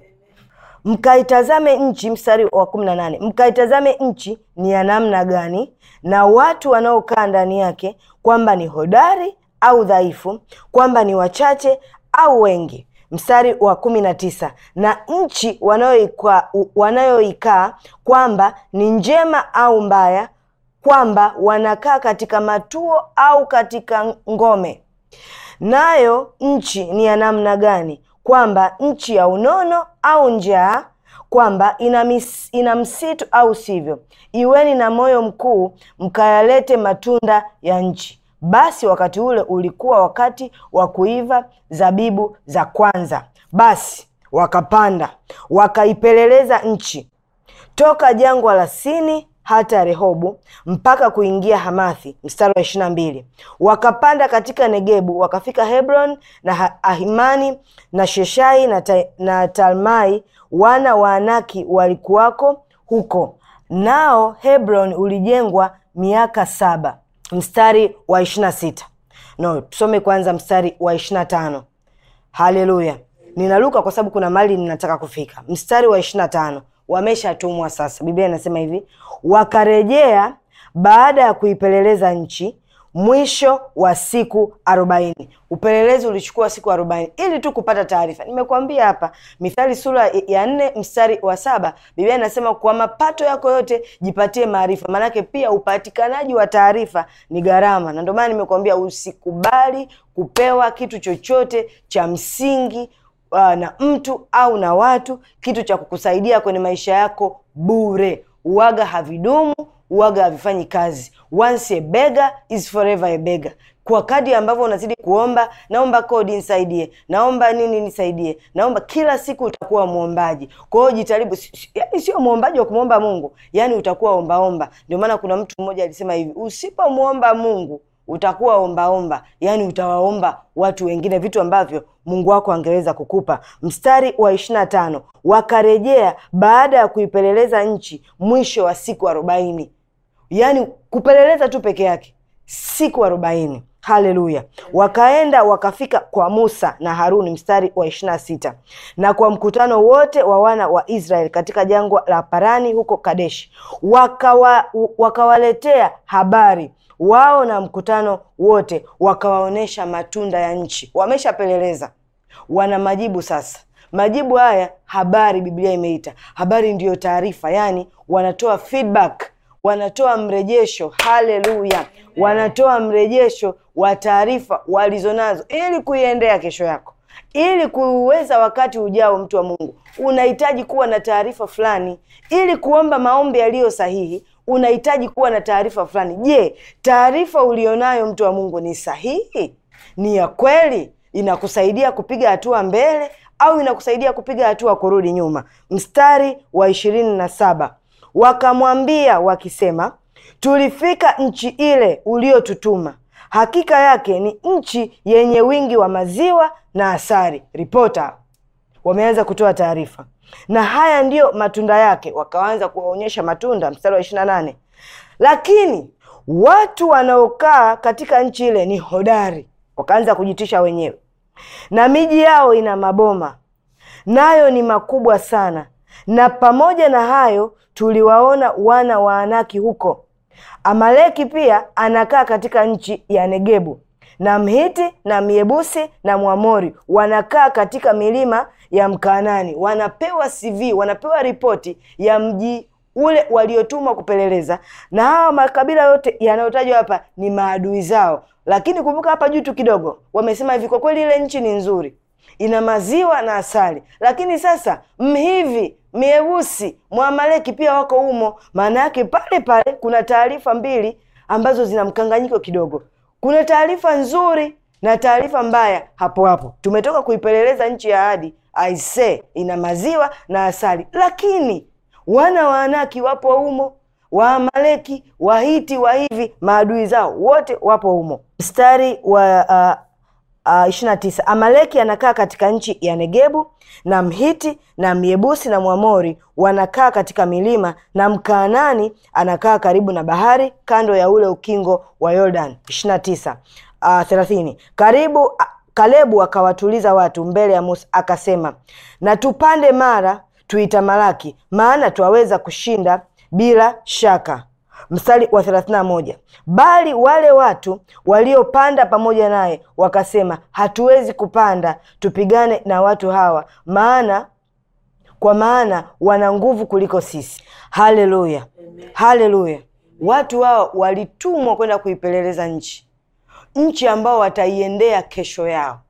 mkaitazame nchi, mstari wa kumi na nane mkaitazame nchi ni ya namna gani, na watu wanaokaa ndani yake, kwamba ni hodari au dhaifu, kwamba ni wachache au wengi. Mstari wa kumi na tisa na nchi wanayoikaa wanayoikaa, kwamba ni njema au mbaya, kwamba wanakaa katika matuo au katika ngome. Nayo nchi ni ya namna gani kwamba nchi ya unono au njaa, kwamba ina, mis, ina msitu au sivyo. Iweni na moyo mkuu, mkayalete matunda ya nchi. Basi wakati ule ulikuwa wakati wa kuiva zabibu za kwanza. Basi wakapanda wakaipeleleza nchi toka jangwa la Sini hata Rehobu mpaka kuingia Hamathi. Mstari wa ishirini na mbili wakapanda katika Negebu wakafika Hebron na Ahimani na Sheshai na, ta, na Talmai wana wa Anaki walikuwako huko, nao Hebron ulijengwa miaka saba. Mstari wa ishirini na sita no, tusome kwanza mstari wa ishirina tano Haleluya, ninaruka kwa sababu kuna mali ninataka kufika. Mstari wa ishirini na tano wameshatumwa sasa. Biblia inasema hivi, wakarejea baada ya kuipeleleza nchi mwisho wa siku arobaini. Upelelezi ulichukua siku arobaini ili tu kupata taarifa. Nimekuambia hapa Mithali sura ya nne mstari wa saba Biblia inasema kwa mapato yako yote jipatie maarifa. Maanake pia upatikanaji wa taarifa ni gharama, na ndio maana nimekuambia usikubali kupewa kitu chochote cha msingi Uh, na mtu au na watu, kitu cha kukusaidia kwenye maisha yako bure. Uwaga havidumu, uwaga havifanyi kazi. Once a beggar is forever a beggar. Kwa kadi ambavyo unazidi kuomba, naomba kodi nisaidie, naomba nini nisaidie, naomba kila siku, utakuwa mwombaji. Kwa hiyo jitaribu, yani sio mwombaji wa kumwomba Mungu, yani utakuwa ombaomba. Ndio maana kuna mtu mmoja alisema hivi, usipomwomba Mungu utakuwa ombaomba, yaani utawaomba watu wengine vitu ambavyo Mungu wako angeweza kukupa. Mstari wa ishirini tano wakarejea baada ya kuipeleleza nchi mwisho wa siku arobaini. Yaani kupeleleza tu peke yake siku arobaini. Haleluya! Wakaenda wakafika kwa Musa na Haruni, mstari wa ishirini sita na kwa mkutano wote wa wana wa Israeli katika jangwa la Parani huko Kadeshi, wakawaletea habari wao na mkutano wote wakawaonyesha matunda ya nchi. Wameshapeleleza, wana majibu sasa. Majibu haya habari, Biblia imeita habari ndiyo taarifa, yaani wanatoa feedback wanatoa mrejesho. Haleluya, wanatoa mrejesho wa taarifa walizonazo ili kuiendea kesho yako, ili kuweza wakati ujao. Mtu wa Mungu, unahitaji kuwa na taarifa fulani ili kuomba maombi yaliyo sahihi, unahitaji kuwa na taarifa fulani. Je, taarifa ulionayo mtu wa Mungu ni sahihi? Ni ya kweli? Inakusaidia kupiga hatua mbele au inakusaidia kupiga hatua kurudi nyuma? Mstari wa ishirini na saba wakamwambia wakisema, tulifika nchi ile uliotutuma hakika yake ni nchi yenye wingi wa maziwa na asari. Ripota wameanza kutoa taarifa, na haya ndiyo matunda yake, wakaanza kuwaonyesha matunda, mstari wa ishirini nane lakini watu wanaokaa katika nchi ile ni hodari, wakaanza kujitisha wenyewe, na miji yao ina maboma, nayo ni makubwa sana, na pamoja na hayo tuliwaona wana wa Anaki huko. Amaleki pia anakaa katika nchi ya Negebu, na Mhiti na Myebusi na Mwamori wanakaa katika milima ya Mkanani wanapewa CV, wanapewa ripoti ya mji ule waliotumwa kupeleleza, na hawa makabila yote yanayotajwa hapa ni maadui zao. Lakini kumbuka hapa juu tu kidogo wamesema hivi, kwa kweli ile nchi ni nzuri, ina maziwa na asali, lakini sasa Mhivi, Mieusi, Mwamaleki pia wako humo. Maana yake pale pale kuna taarifa mbili ambazo zina mkanganyiko kidogo. Kuna taarifa nzuri na taarifa mbaya hapo hapo, tumetoka kuipeleleza nchi ya ahadi, aise, ina maziwa na asali, lakini wana wa Anaki wapo humo, amaleki Wahiti, wa hivi maadui zao wote wapo humo. Mstari wa uh, Uh, 29 Amaleki anakaa katika nchi ya Negebu na Mhiti na Myebusi na Mwamori wanakaa katika milima na Mkaanani anakaa karibu na bahari kando ya ule ukingo wa yordan 29 uh, thelathini karibu Kalebu akawatuliza watu mbele ya Musa akasema, na tupande mara malaki maana twaweza kushinda bila shaka. Mstari wa thelathini moja bali wale watu waliopanda pamoja naye wakasema, hatuwezi kupanda tupigane na watu hawa, maana kwa maana wana nguvu kuliko sisi. Haleluya, haleluya! Watu hao walitumwa kwenda kuipeleleza nchi nchi ambao wataiendea kesho yao.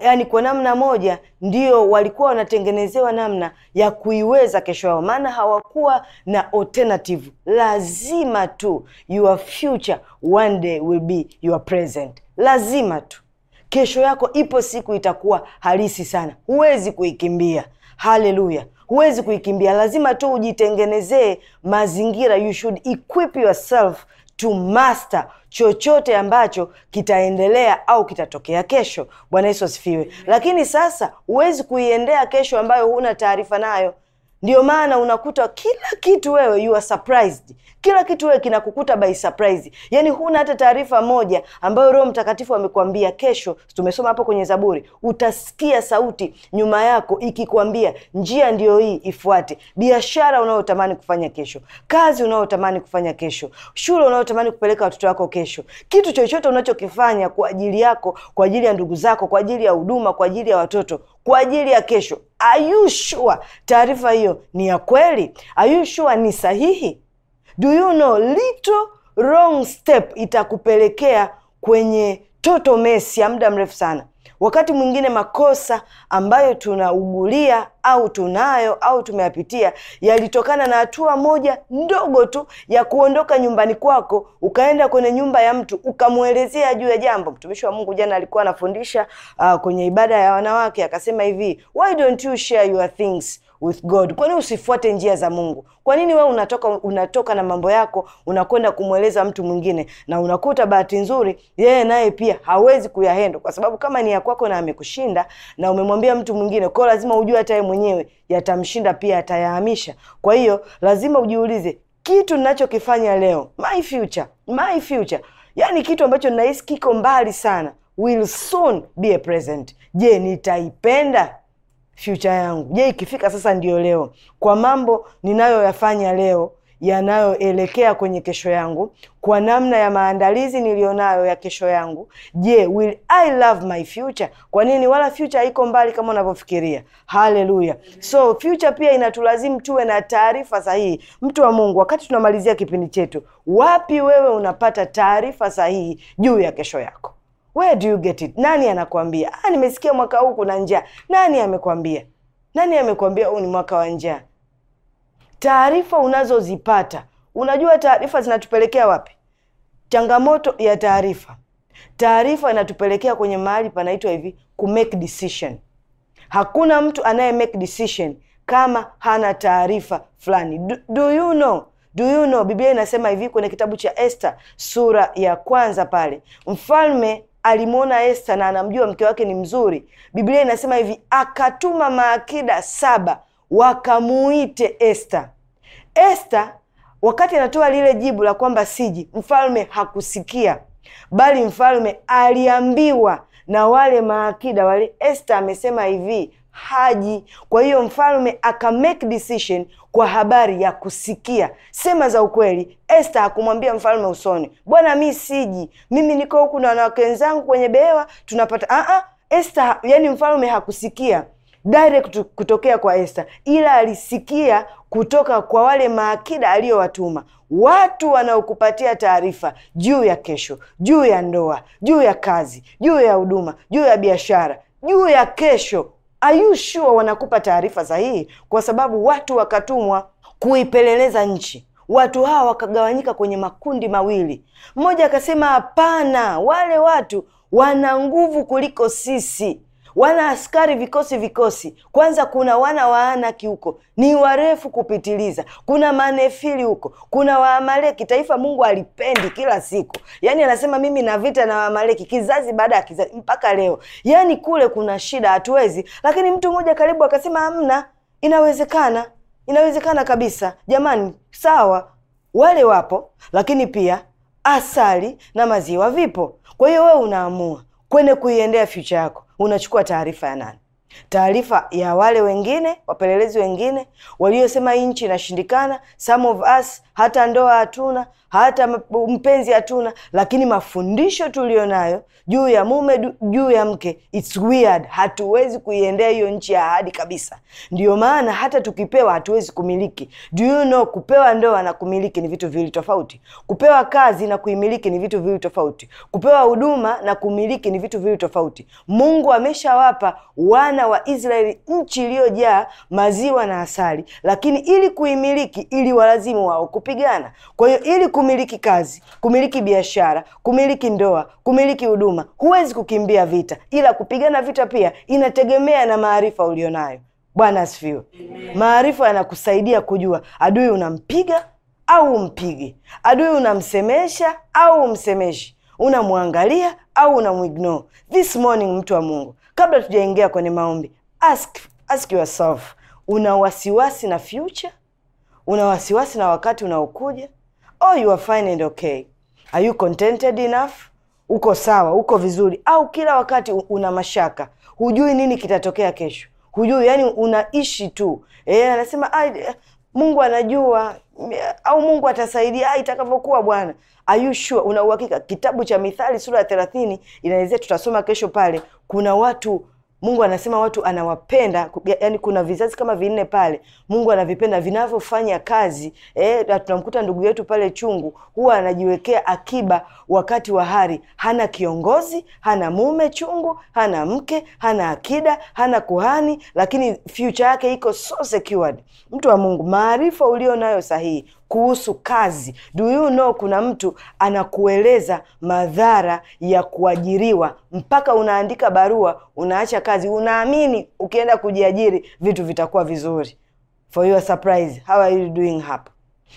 Yaani, kwa namna moja ndio walikuwa wanatengenezewa namna ya kuiweza kesho yao, maana hawakuwa na alternative. Lazima tu your future one day will be your present, lazima tu kesho yako ipo siku itakuwa halisi sana, huwezi kuikimbia. Haleluya, huwezi kuikimbia, lazima tu ujitengenezee mazingira. You should equip yourself to master chochote ambacho kitaendelea au kitatokea kesho. Bwana Yesu asifiwe. Lakini sasa huwezi kuiendea kesho ambayo huna taarifa nayo. Ndio maana unakuta kila kitu wewe you are surprised, kila kitu wewe kinakukuta by surprise, yaani huna hata taarifa moja ambayo Roho Mtakatifu amekwambia kesho. Tumesoma hapo kwenye Zaburi, utasikia sauti nyuma yako ikikwambia njia ndiyo hii, ifuate. Biashara unayotamani kufanya kesho, kazi unayotamani kufanya kesho, shule unayotamani kupeleka watoto wako kesho, kitu chochote unachokifanya kwa ajili yako, kwa ajili ya ndugu zako, kwa ajili ya huduma, kwa ajili ya watoto kwa ajili ya kesho. Are sure taarifa hiyo ni ya kweli? Are sure ni sahihi? Do you know little wrong step itakupelekea kwenye toto mesi ya muda mrefu sana. Wakati mwingine makosa ambayo tunaugulia au tunayo au tumeyapitia yalitokana na hatua moja ndogo tu ya kuondoka nyumbani kwako ukaenda kwenye nyumba ya mtu ukamwelezea juu ya jambo. Mtumishi wa Mungu jana alikuwa anafundisha uh, kwenye ibada ya wanawake akasema hivi, why don't you share your things with God. Kwa nini usifuate njia za Mungu? Kwa nini wewe unatoka unatoka na mambo yako unakwenda kumweleza mtu mwingine, na unakuta bahati nzuri yeye naye pia hawezi kuyahendo, kwa sababu kama ni ya kwako na amekushinda na umemwambia mtu mwingine, kwa lazima ujue hata yeye mwenyewe yatamshinda pia, atayahamisha. Kwa hiyo lazima ujiulize kitu ninachokifanya leo, my future, my future, yani kitu ambacho nahisi kiko mbali sana will soon be a present. Je, nitaipenda? future yangu? Je, ikifika sasa ndiyo leo, kwa mambo ninayoyafanya leo yanayoelekea kwenye kesho yangu, kwa namna ya maandalizi niliyonayo ya kesho yangu, je, will I love my future? Kwa nini? Wala future haiko mbali kama unavyofikiria. Haleluya! So future pia inatulazimu tuwe na taarifa sahihi. Mtu wa Mungu, wakati tunamalizia kipindi chetu, wapi wewe unapata taarifa sahihi juu ya kesho yako? Where do you get it? Nani anakwambia? Ah, nimesikia mwaka huu kuna njaa. Nani amekwambia? Nani amekwambia huu ni mwaka wa njaa? Taarifa unazozipata, unajua taarifa zinatupelekea wapi? Changamoto ya taarifa, taarifa inatupelekea kwenye mahali panaitwa hivi ku make decision. Hakuna mtu anaye make decision kama hana taarifa fulani. Do, do you know Do you know, Biblia inasema hivi kwenye kitabu cha Esther sura ya kwanza pale, mfalme alimwona Esta na anamjua mke wake ni mzuri. Biblia inasema hivi, akatuma maakida saba wakamuite Esta. Esta wakati anatoa lile jibu la kwamba siji, mfalme hakusikia, bali mfalme aliambiwa na wale maakida wale. Esta amesema hivi, haji. Kwa hiyo mfalme aka make decision kwa habari ya kusikia. Sema za ukweli, Esta hakumwambia mfalme usoni, bwana, mi siji, mimi niko huku na wanawake wenzangu kwenye behewa tunapata ah, ah. Esther. Yani mfalme hakusikia direct kutokea kwa Esta, ila alisikia kutoka kwa wale maakida aliyowatuma, watu wanaokupatia taarifa juu ya kesho, juu ya ndoa, juu ya kazi, juu ya huduma, juu ya biashara, juu ya kesho are you sure wanakupa taarifa sahihi? Kwa sababu watu wakatumwa kuipeleleza nchi. Watu hawa wakagawanyika kwenye makundi mawili. Mmoja akasema hapana, wale watu wana nguvu kuliko sisi Wana askari vikosi vikosi, kwanza kuna wana wa Anaki huko ni warefu kupitiliza, kuna manefili huko, kuna Waamaleki, taifa Mungu alipendi kila siku. Yani anasema mimi na vita na Waamaleki kizazi baada ya kizazi mpaka leo, yani kule kuna shida, hatuwezi. Lakini mtu mmoja karibu akasema hamna, inawezekana, inawezekana kabisa. Jamani, sawa, wale wapo, lakini pia asali na maziwa vipo. Kwa hiyo wewe unaamua kwene kuiendea future yako unachukua taarifa ya nani? taarifa ya wale wengine wapelelezi wengine waliosema hii nchi inashindikana, some of us hata ndoa hatuna, hata mpenzi hatuna, lakini mafundisho tuliyo nayo juu ya mume, juu ya mke, it's weird. Hatuwezi kuiendea hiyo nchi ya ahadi kabisa. ndio maana hata tukipewa hatuwezi kumiliki. Do you know, kupewa ndoa na kumiliki ni vitu viwili tofauti. Kupewa kazi na kuimiliki ni vitu viwili tofauti. Kupewa huduma na kumiliki ni vitu viwili tofauti. Mungu ameshawapa wana wana wa Israeli nchi iliyojaa maziwa na asali, lakini ili kuimiliki ili walazimu wao kupigana. Kwa hiyo ili kumiliki kazi, kumiliki biashara, kumiliki ndoa, kumiliki huduma, huwezi kukimbia vita, ila kupigana vita pia inategemea na maarifa ulionayo. Bwana asifiwe. Maarifa yanakusaidia kujua adui unampiga au umpige, adui unamsemesha au umsemeshi, unamwangalia au unamuignore. This morning, mtu wa Mungu, Kabla tujaingia kwenye maombi, ask ask yourself, una wasiwasi na future? Una wasiwasi na wakati unaokuja? oh, you are fine and okay? Are you contented enough? Uko sawa, uko vizuri, au kila wakati una mashaka, hujui nini kitatokea kesho, hujui, yani unaishi tu. E, anasema Mungu anajua au Mungu atasaidia ah, itakavyokuwa. Bwana, are you sure? Una uhakika? Kitabu cha Mithali sura ya thelathini inaelezea, tutasoma kesho pale, kuna watu Mungu anasema watu anawapenda, yani kuna vizazi kama vinne pale Mungu anavipenda vinavyofanya kazi eh. Tunamkuta ndugu yetu pale chungu, huwa anajiwekea akiba wakati wa hari. Hana kiongozi, hana mume chungu, hana mke, hana akida, hana kuhani, lakini future yake iko so secured. Mtu wa Mungu, maarifa ulio nayo sahihi kuhusu kazi. Do you know kuna mtu anakueleza madhara ya kuajiriwa, mpaka unaandika barua, unaacha kazi, unaamini ukienda kujiajiri vitu vitakuwa vizuri. For your surprise, how are you doing hapa?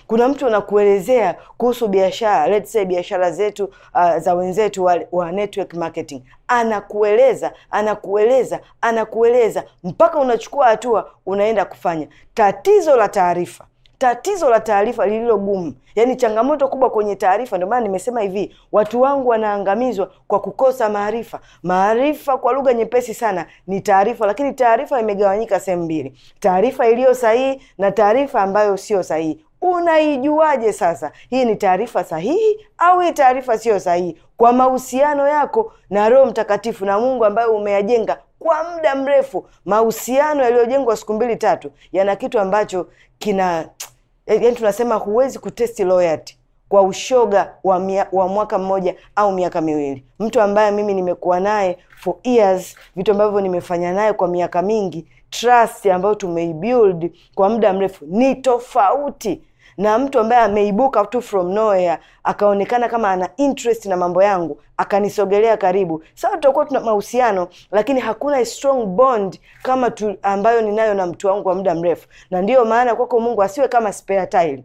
Kuna mtu anakuelezea kuhusu biashara, let's say biashara zetu uh, za wenzetu wa, wa network marketing, anakueleza anakueleza anakueleza mpaka unachukua hatua, unaenda kufanya. Tatizo la taarifa Tatizo la taarifa lililo gumu, yaani changamoto kubwa kwenye taarifa, ndio maana nimesema hivi, watu wangu wanaangamizwa kwa kukosa maarifa. Maarifa kwa lugha nyepesi sana ni taarifa, lakini taarifa imegawanyika sehemu mbili, taarifa iliyo sahihi na taarifa ambayo sio sahihi. Unaijuaje sasa hii ni taarifa sahihi au hii taarifa siyo sahihi? Kwa mahusiano yako na Roho Mtakatifu na Mungu ambayo umeyajenga kwa muda mrefu. Mahusiano yaliyojengwa siku mbili tatu yana kitu ambacho kina yaani, tunasema huwezi kutesti loyalty kwa ushoga wa, mia, wa mwaka mmoja au miaka miwili. Mtu ambaye mimi nimekuwa naye for years, vitu ambavyo nimefanya naye kwa miaka mingi, trust ambayo tumeibuild kwa muda mrefu ni tofauti na mtu ambaye ameibuka tu from nowhere akaonekana kama ana interest na mambo yangu akanisogelea karibu, sawa, tutakuwa tuna mahusiano, lakini hakuna strong bond kama tu ambayo ninayo na mtu wangu kwa muda mrefu. Na ndiyo maana kwako Mungu asiwe kama spare tile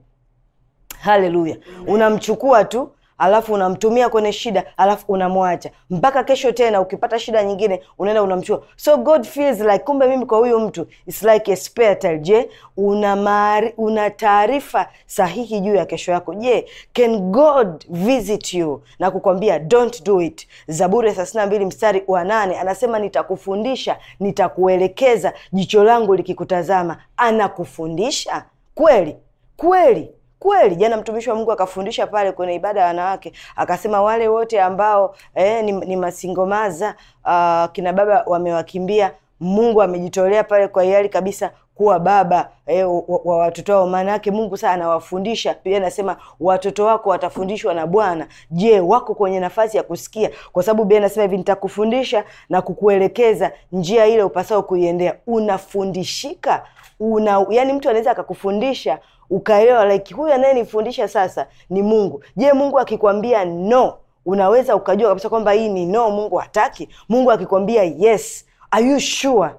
Haleluya, unamchukua tu alafu unamtumia kwenye shida, alafu unamwacha mpaka kesho tena, ukipata shida nyingine unaenda unamchua So God feels like kumbe mimi kwa huyu mtu it's like a spare Je, una una taarifa sahihi juu ya kesho yako? Je, can God visit you na kukwambia don't do it? Zaburi 32 mstari wa nane anasema nitakufundisha, nitakuelekeza, jicho langu likikutazama. Anakufundisha kweli kweli Kweli jana mtumishi wa Mungu akafundisha pale kwenye ibada ya wanawake, akasema wale wote ambao eh, ni, ni masingomaza uh, kina baba wamewakimbia, Mungu amejitolea pale kwa hiari kabisa kuwa baba eh, wa watoto wao. Maana yake Mungu saa anawafundisha pia, anasema watoto wako watafundishwa na Bwana. Je, wako kwenye nafasi ya kusikia? Kwa sababu bia anasema hivi, nitakufundisha na kukuelekeza njia ile upasao kuiendea. Unafundishika una, yani mtu anaweza akakufundisha ukaelewa like huyu anayenifundisha sasa ni Mungu. Je, Mungu akikwambia no, unaweza ukajua kabisa kwamba hii ni no, Mungu hataki. Mungu akikwambia yes, are you sure?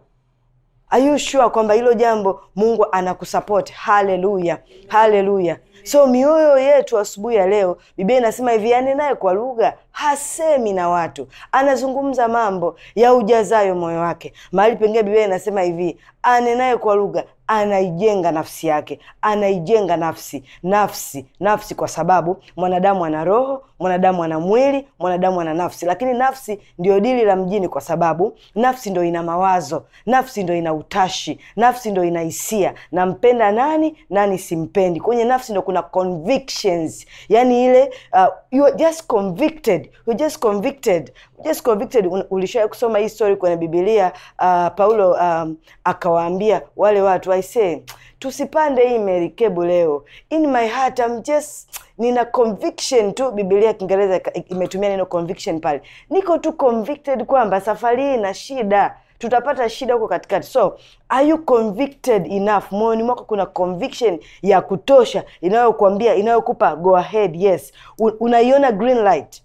Are you sure kwamba hilo jambo Mungu anakusupport? Haleluya, haleluya. So mioyo yetu asubuhi ya leo, Biblia inasema hivi, anenaye kwa lugha hasemi na watu, anazungumza mambo ya ujazayo moyo wake. Mahali pengine Biblia inasema hivi, anenaye kwa lugha anaijenga nafsi yake, anaijenga nafsi, nafsi, nafsi, kwa sababu mwanadamu ana roho, mwanadamu ana mwili, mwanadamu ana nafsi. Lakini nafsi ndio dili la mjini, kwa sababu nafsi ndio ina mawazo, nafsi ndio ina utashi, nafsi ndio ina hisia, nampenda nani, nani simpendi. Kwenye nafsi ndio kuna convictions yani ile uh, you are just convicted you just convicted just convicted ulishawahi kusoma hii story kwenye biblia uh, paulo um, akawaambia wale watu i say tusipande hii merikebu leo in my heart I'm just nina conviction tu bibilia ya kiingereza imetumia neno conviction pale niko tu convicted kwamba safari hii ina shida tutapata shida huko katikati so are you convicted enough moyoni mwako kuna conviction ya kutosha inayokuambia inayokupa go ahead yes unaiona green light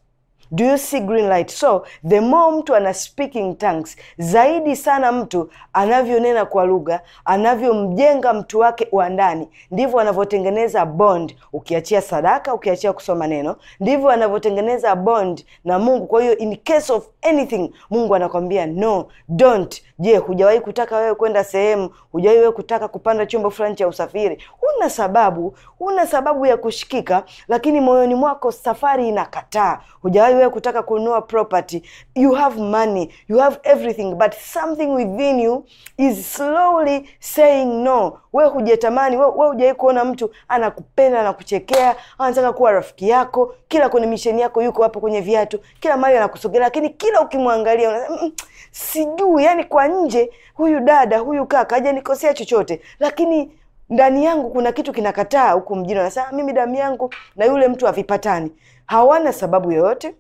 Do you see green light? So the more mtu ana speaking tongues, zaidi sana mtu anavyonena kwa lugha, anavyomjenga mtu wake wa ndani, ndivyo anavyotengeneza bond. Ukiachia sadaka, ukiachia kusoma neno, ndivyo anavyotengeneza bond na Mungu. Kwa hiyo in case of anything, Mungu anakwambia no, don't Je, hujawahi kutaka wewe kwenda sehemu? Hujawahi wewe kutaka kupanda chombo fulani cha usafiri? Una sababu, una sababu ya kushikika, lakini moyoni mwako safari inakataa. Hujawahi wewe kutaka kununua property. You have money, you have everything but something within you is slowly saying no. We hujatamani, we hujawahi kuona mtu anakupenda, na kuchekea, anataka kuwa rafiki yako, kila kwenye misheni yako yuko hapo kwenye viatu, kila mali anakusogelea, lakini kila ukimwangalia unasema mm, sijui yani kwa nje, huyu dada huyu kaka hajanikosea chochote, lakini ndani yangu kuna kitu kinakataa huku mjini. Wanasema mimi damu yangu na yule mtu havipatani, hawana sababu yoyote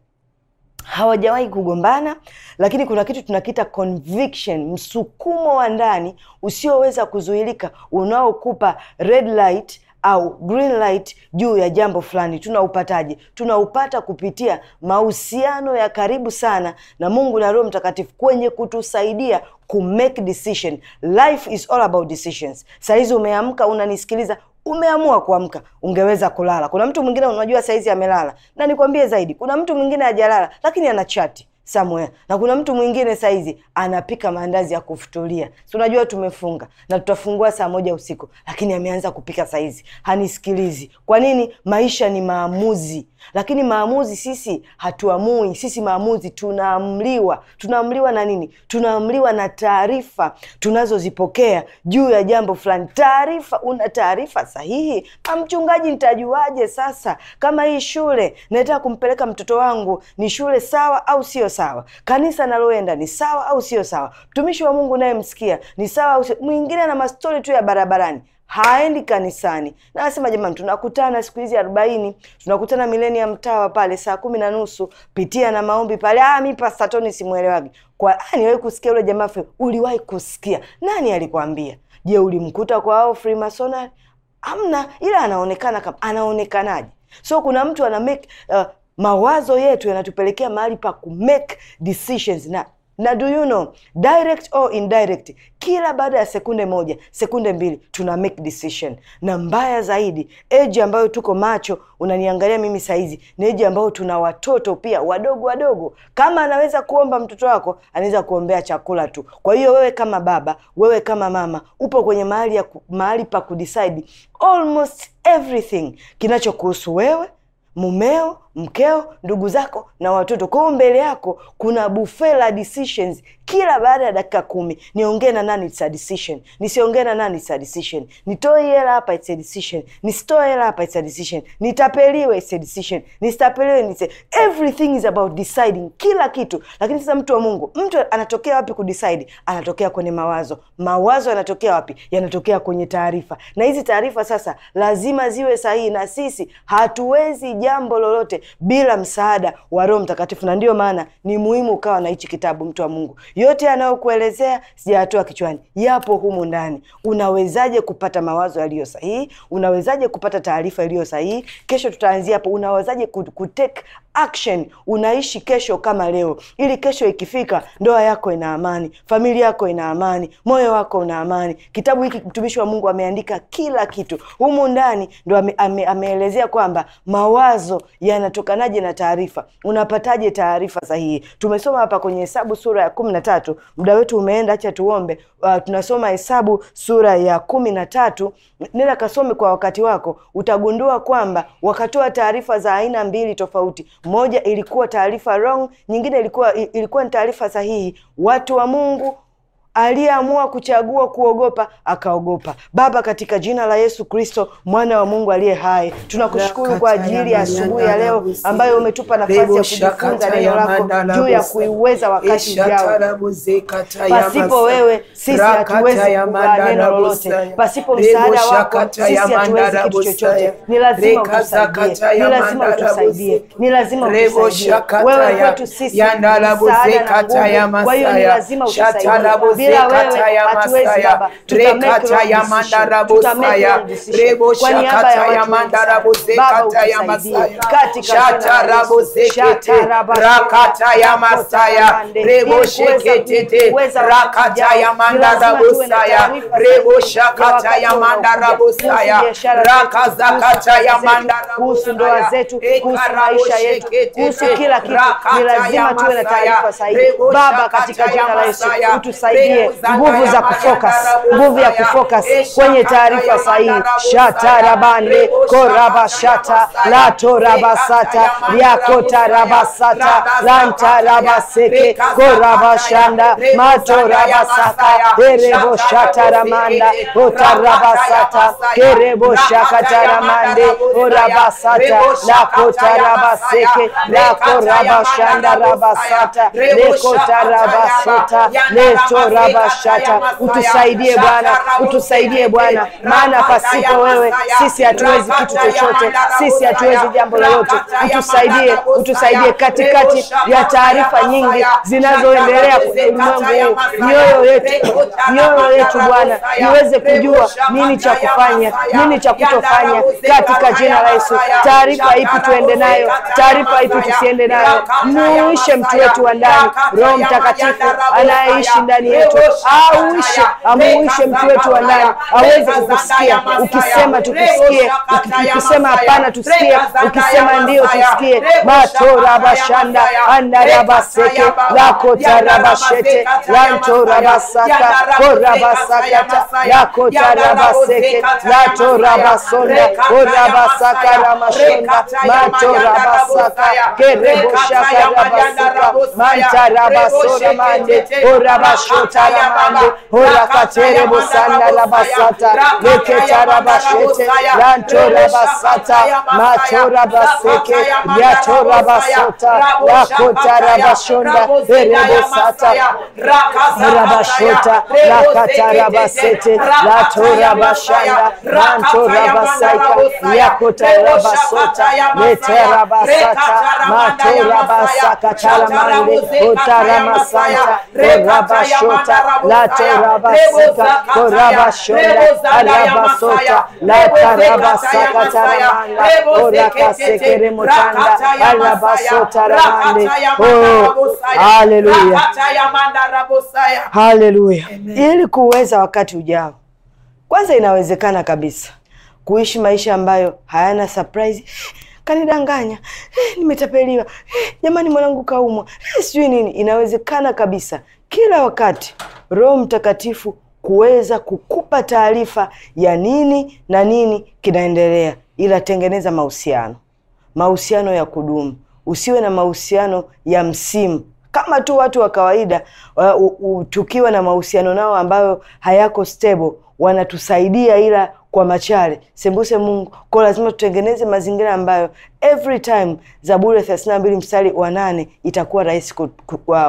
hawajawahi kugombana, lakini kuna kitu tunakiita conviction, msukumo wa ndani usioweza kuzuilika, unaokupa red light au green light juu ya jambo fulani tunaupataje? Tunaupata kupitia mahusiano ya karibu sana na Mungu na Roho Mtakatifu kwenye kutusaidia ku make decision. Life is all about decisions. Sahizi umeamka unanisikiliza, umeamua kuamka, ungeweza kulala. Kuna mtu mwingine unajua saizi amelala, na nikwambie zaidi, kuna mtu mwingine hajalala, lakini ana chati somewhere na kuna mtu mwingine saizi anapika maandazi ya kufutulia, sunajua unajua tumefunga na tutafungua saa moja usiku, lakini ameanza kupika saizi, hanisikilizi. Kwa nini? Maisha ni maamuzi lakini maamuzi sisi hatuamui. Sisi maamuzi tunaamliwa. Tunaamliwa na nini? Tunaamliwa na taarifa tunazozipokea juu ya jambo fulani. Taarifa, una taarifa sahihi? Ah, mchungaji, nitajuaje sasa kama hii shule nataka kumpeleka mtoto wangu ni shule sawa au sio sawa? Kanisa naloenda ni sawa au sio sawa? Mtumishi wa Mungu unayemsikia ni sawa au sio? Mwingine na mastori tu ya barabarani haendi kanisani na nasema jamani tunakutana siku hizi arobaini tunakutana milenium tawa pale saa kumi na nusu pitia na maombi pale ah, mi pastatoni simwelewagi kwa kusikia ule jamaa uliwahi kusikia nani alikwambia je ulimkuta kwa ao frimasonari amna ila anaonekana kama anaonekanaje so kuna mtu ana make uh, mawazo yetu yanatupelekea mahali pa ku make decisions na na do you know direct or indirect, kila baada ya sekunde moja sekunde mbili tuna make decision, na mbaya zaidi eji ambayo tuko macho, unaniangalia mimi saizi, ni eji ambayo tuna watoto pia wadogo wadogo. Kama anaweza kuomba mtoto wako, anaweza kuombea chakula tu. Kwa hiyo wewe kama baba, wewe kama mama, upo kwenye mahali ya mahali pa kudecide almost everything kinachokuhusu wewe mumeo, mkeo, ndugu zako na watoto. Kwa mbele yako kuna buffet la decisions kila baada ya dakika kumi. Niongee na nani, it's a decision. Nisiongee na nani, it's a decision. Nitoe hela hapa, it's a decision. Nisitoe hela hapa, it's a decision. Nitapeliwe, it's a decision. Nisitapeliwe, ni a... everything is about deciding, kila kitu. Lakini sasa, mtu wa Mungu, mtu anatokea wapi kudecide? Anatokea kwenye mawazo. Mawazo yanatokea wapi? Yanatokea kwenye taarifa, na hizi taarifa sasa lazima ziwe sahihi, na sisi hatuwezi jambo lolote bila msaada wa Roho Mtakatifu, na ndio maana ni muhimu ukawa na hichi kitabu, mtu wa Mungu. Yote anayokuelezea sijayatoa kichwani, yapo humu ndani. Unawezaje kupata mawazo yaliyo sahihi? Unawezaje kupata taarifa iliyo sahihi? Kesho tutaanzia hapo. Unawezaje kutake action unaishi kesho kama leo, ili kesho ikifika, ndoa yako ina amani, familia yako ina amani, moyo wako una amani. Kitabu hiki mtumishi wa Mungu ameandika kila kitu humu ndani, ndo ame, ame, ameelezea kwamba mawazo yanatokanaje na taarifa, unapataje taarifa sahihi. Tumesoma hapa kwenye Hesabu sura ya kumi na tatu, muda wetu umeenda, acha tuombe. Uh, tunasoma Hesabu sura ya kumi na tatu. Nenda kasome kwa wakati wako, utagundua kwamba wakatoa taarifa za aina mbili tofauti moja ilikuwa taarifa wrong, nyingine ilikuwa ilikuwa ni taarifa sahihi. Watu wa Mungu aliyeamua kuchagua kuogopa akaogopa. Baba, katika jina la Yesu Kristo, mwana wa Mungu aliye hai, tunakushukuru kwa ajili ya asubuhi ya leo ambayo umetupa nafasi ya kujifunza neno lako juu ya kuiweza wakati ujao. Pasipo wewe sisi hatuwezi kukubali neno lolote, pasipo msaada wako sisi hatuwezi kitu chochote. Ni lazima utusaidie, ni lazima utusaidie, ni lazima utusaidie. Wewe kwetu sisi msaada na nguvu, kwa hiyo ni lazima utusaidie bila ya mandara rakata ya masaya rebo shekete rakata ya kuhusu ndoa zetu kuhusu maisha yetu kuhusu kila kitu, ni lazima tuwe na taarifa sahihi Baba, katika jina la Yesu utusaidie tujalie nguvu za kufocus, nguvu ya kufocus kwenye taarifa sahihi. shata shata rabane koraba koraba lanta shanda shatarabande korabashata latorabasata lyakotarabasata lantarabaseke korabashanda matorabasaka ereboshatarabanda otarabasata kerebosakataramande orabasata lakotarabaseke lakorabashandarabasata leto letora Shata, utusaidie Bwana, utusaidie Bwana, maana pasipo wewe sisi hatuwezi kitu chochote, sisi hatuwezi jambo lolote. Utusaidie, utusaidie katikati ya taarifa nyingi zinazoendelea kwenye ulimwengu huu, mioyo yetu, mioyo yetu Bwana iweze kujua nini cha kufanya, nini cha kutofanya, katika jina la Yesu. Taarifa ipi tuende nayo, taarifa ipi tusiende nayo, muishe mtu wetu wa ndani. Roho Mtakatifu anayeishi ndani yetu wetu auishe, amuishe mtu wetu wa ndani aweze kukusikia ukisema, tukusikie ukisema hapana, tusikie ukisema ndio, tusikie matorabashanda andarabaseke lakotarabashete lantorabasaka korabasakata lakotarabaseke latorabasonda ramashonda matorabasaka kereboshakarabasika mantarabasora mande korabashota ya taramando ora katere busanda rabasata leketa rabashete yanto rabasata mato rabaseke yato rabasota yakota rabashonda erebosata rabashota lakata rabasete lato rabashanda manto rabasaika yakota rabasota lete rabasata mato rabasaka taramande utaramasa Santa, Rabashota, Oh, haleluya ili kuweza wakati ujao kwanza inawezekana kabisa kuishi maisha ambayo hayana surprise kanidanganya eh, nimetapeliwa eh, jamani mwanangu kaumwa eh, sijui nini inawezekana kabisa kila wakati Roho Mtakatifu kuweza kukupa taarifa ya nini na nini kinaendelea, ila tengeneza mahusiano, mahusiano ya kudumu. Usiwe na mahusiano ya msimu kama tu watu wa kawaida uh, uh, tukiwa na mahusiano nao ambayo hayako stable, wanatusaidia ila kwa Machare, sembuse Mungu kwao. Lazima tutengeneze mazingira ambayo every time Zaburi ya 32 mstari wa nane itakuwa rahisi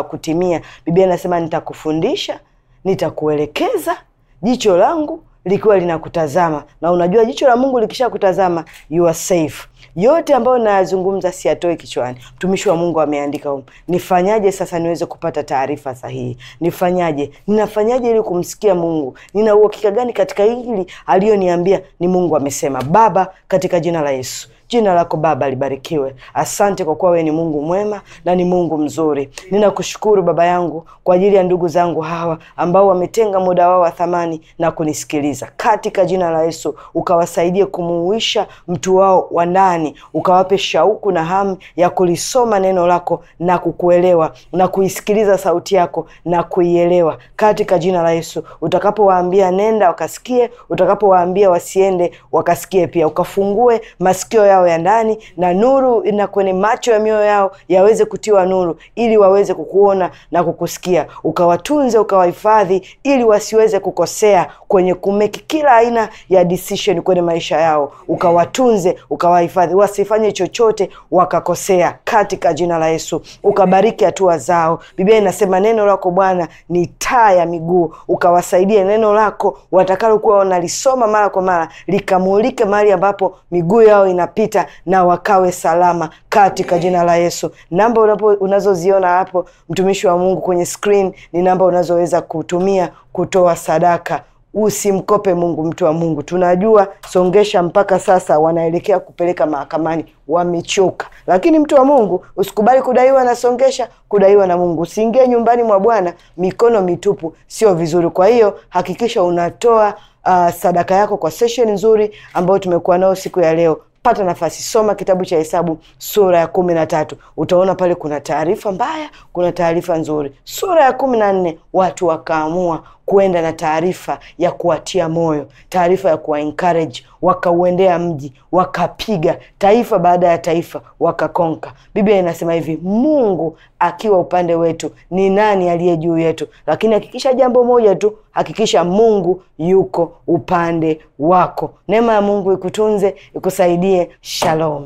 kutimia. Biblia inasema nitakufundisha, nitakuelekeza, jicho langu likiwa linakutazama. Na unajua jicho la Mungu likishakutazama you are safe yote ambayo nayazungumza siyatoi kichwani. Mtumishi wa Mungu ameandika huko, nifanyaje sasa niweze kupata taarifa sahihi? Nifanyaje? Ninafanyaje ili kumsikia Mungu? Nina uhakika gani katika hili aliyoniambia ni Mungu amesema? Baba, katika jina la Yesu Jina lako Baba libarikiwe. Asante kwa kuwa wewe ni Mungu mwema na ni Mungu mzuri. Ninakushukuru Baba yangu kwa ajili ya ndugu zangu hawa ambao wametenga muda wao wa thamani na kunisikiliza, katika jina la Yesu ukawasaidie kumuuisha mtu wao wa ndani, ukawape shauku na hamu ya kulisoma neno lako na kukuelewa na kuisikiliza sauti yako na kuielewa, katika jina la Yesu. Utakapowaambia nenda wakasikie, utakapowaambia wasiende wakasikie pia, ukafungue masikio ya yao ya ndani, na nuru na kwenye macho ya mioyo yao yaweze kutiwa nuru, ili waweze kukuona na kukusikia, ukawatunze, ukawahifadhi, ili wasiweze kukosea kwenye kumeki kila aina ya decision kwenye maisha yao, ukawatunze, ukawahifadhi, wasifanye chochote wakakosea, katika jina la Yesu. Ukabariki hatua zao. Biblia inasema neno lako Bwana ni taa ya miguu, ukawasaidia neno lako watakalokuwa wanalisoma mara kwa mara likamulike mahali ambapo miguu yao inapita kupita na wakawe salama katika jina la Yesu. Namba unazoziona hapo, mtumishi wa Mungu, kwenye screen ni namba unazoweza kutumia kutoa sadaka. Usimkope Mungu, mtu wa Mungu. Tunajua Songesha mpaka sasa wanaelekea kupeleka mahakamani, wamechoka. Lakini mtu wa Mungu, usikubali kudaiwa na Songesha, kudaiwa na Mungu. Usiingie nyumbani mwa Bwana mikono mitupu, sio vizuri. Kwa hiyo hakikisha unatoa Uh, sadaka yako kwa session nzuri ambayo tumekuwa nayo siku ya leo pata nafasi, soma kitabu cha Hesabu sura ya kumi na tatu. Utaona pale kuna taarifa mbaya, kuna taarifa nzuri. Sura ya kumi na nne watu wakaamua kwenda na taarifa ya kuwatia moyo, taarifa ya kuwa encourage, wakauendea mji, wakapiga taifa baada ya taifa, wakakonka. Biblia inasema hivi, Mungu akiwa upande wetu ni nani aliye juu yetu? Lakini hakikisha jambo moja tu, hakikisha Mungu yuko upande wako. Neema ya Mungu ikutunze, ikusaidie. Shalom.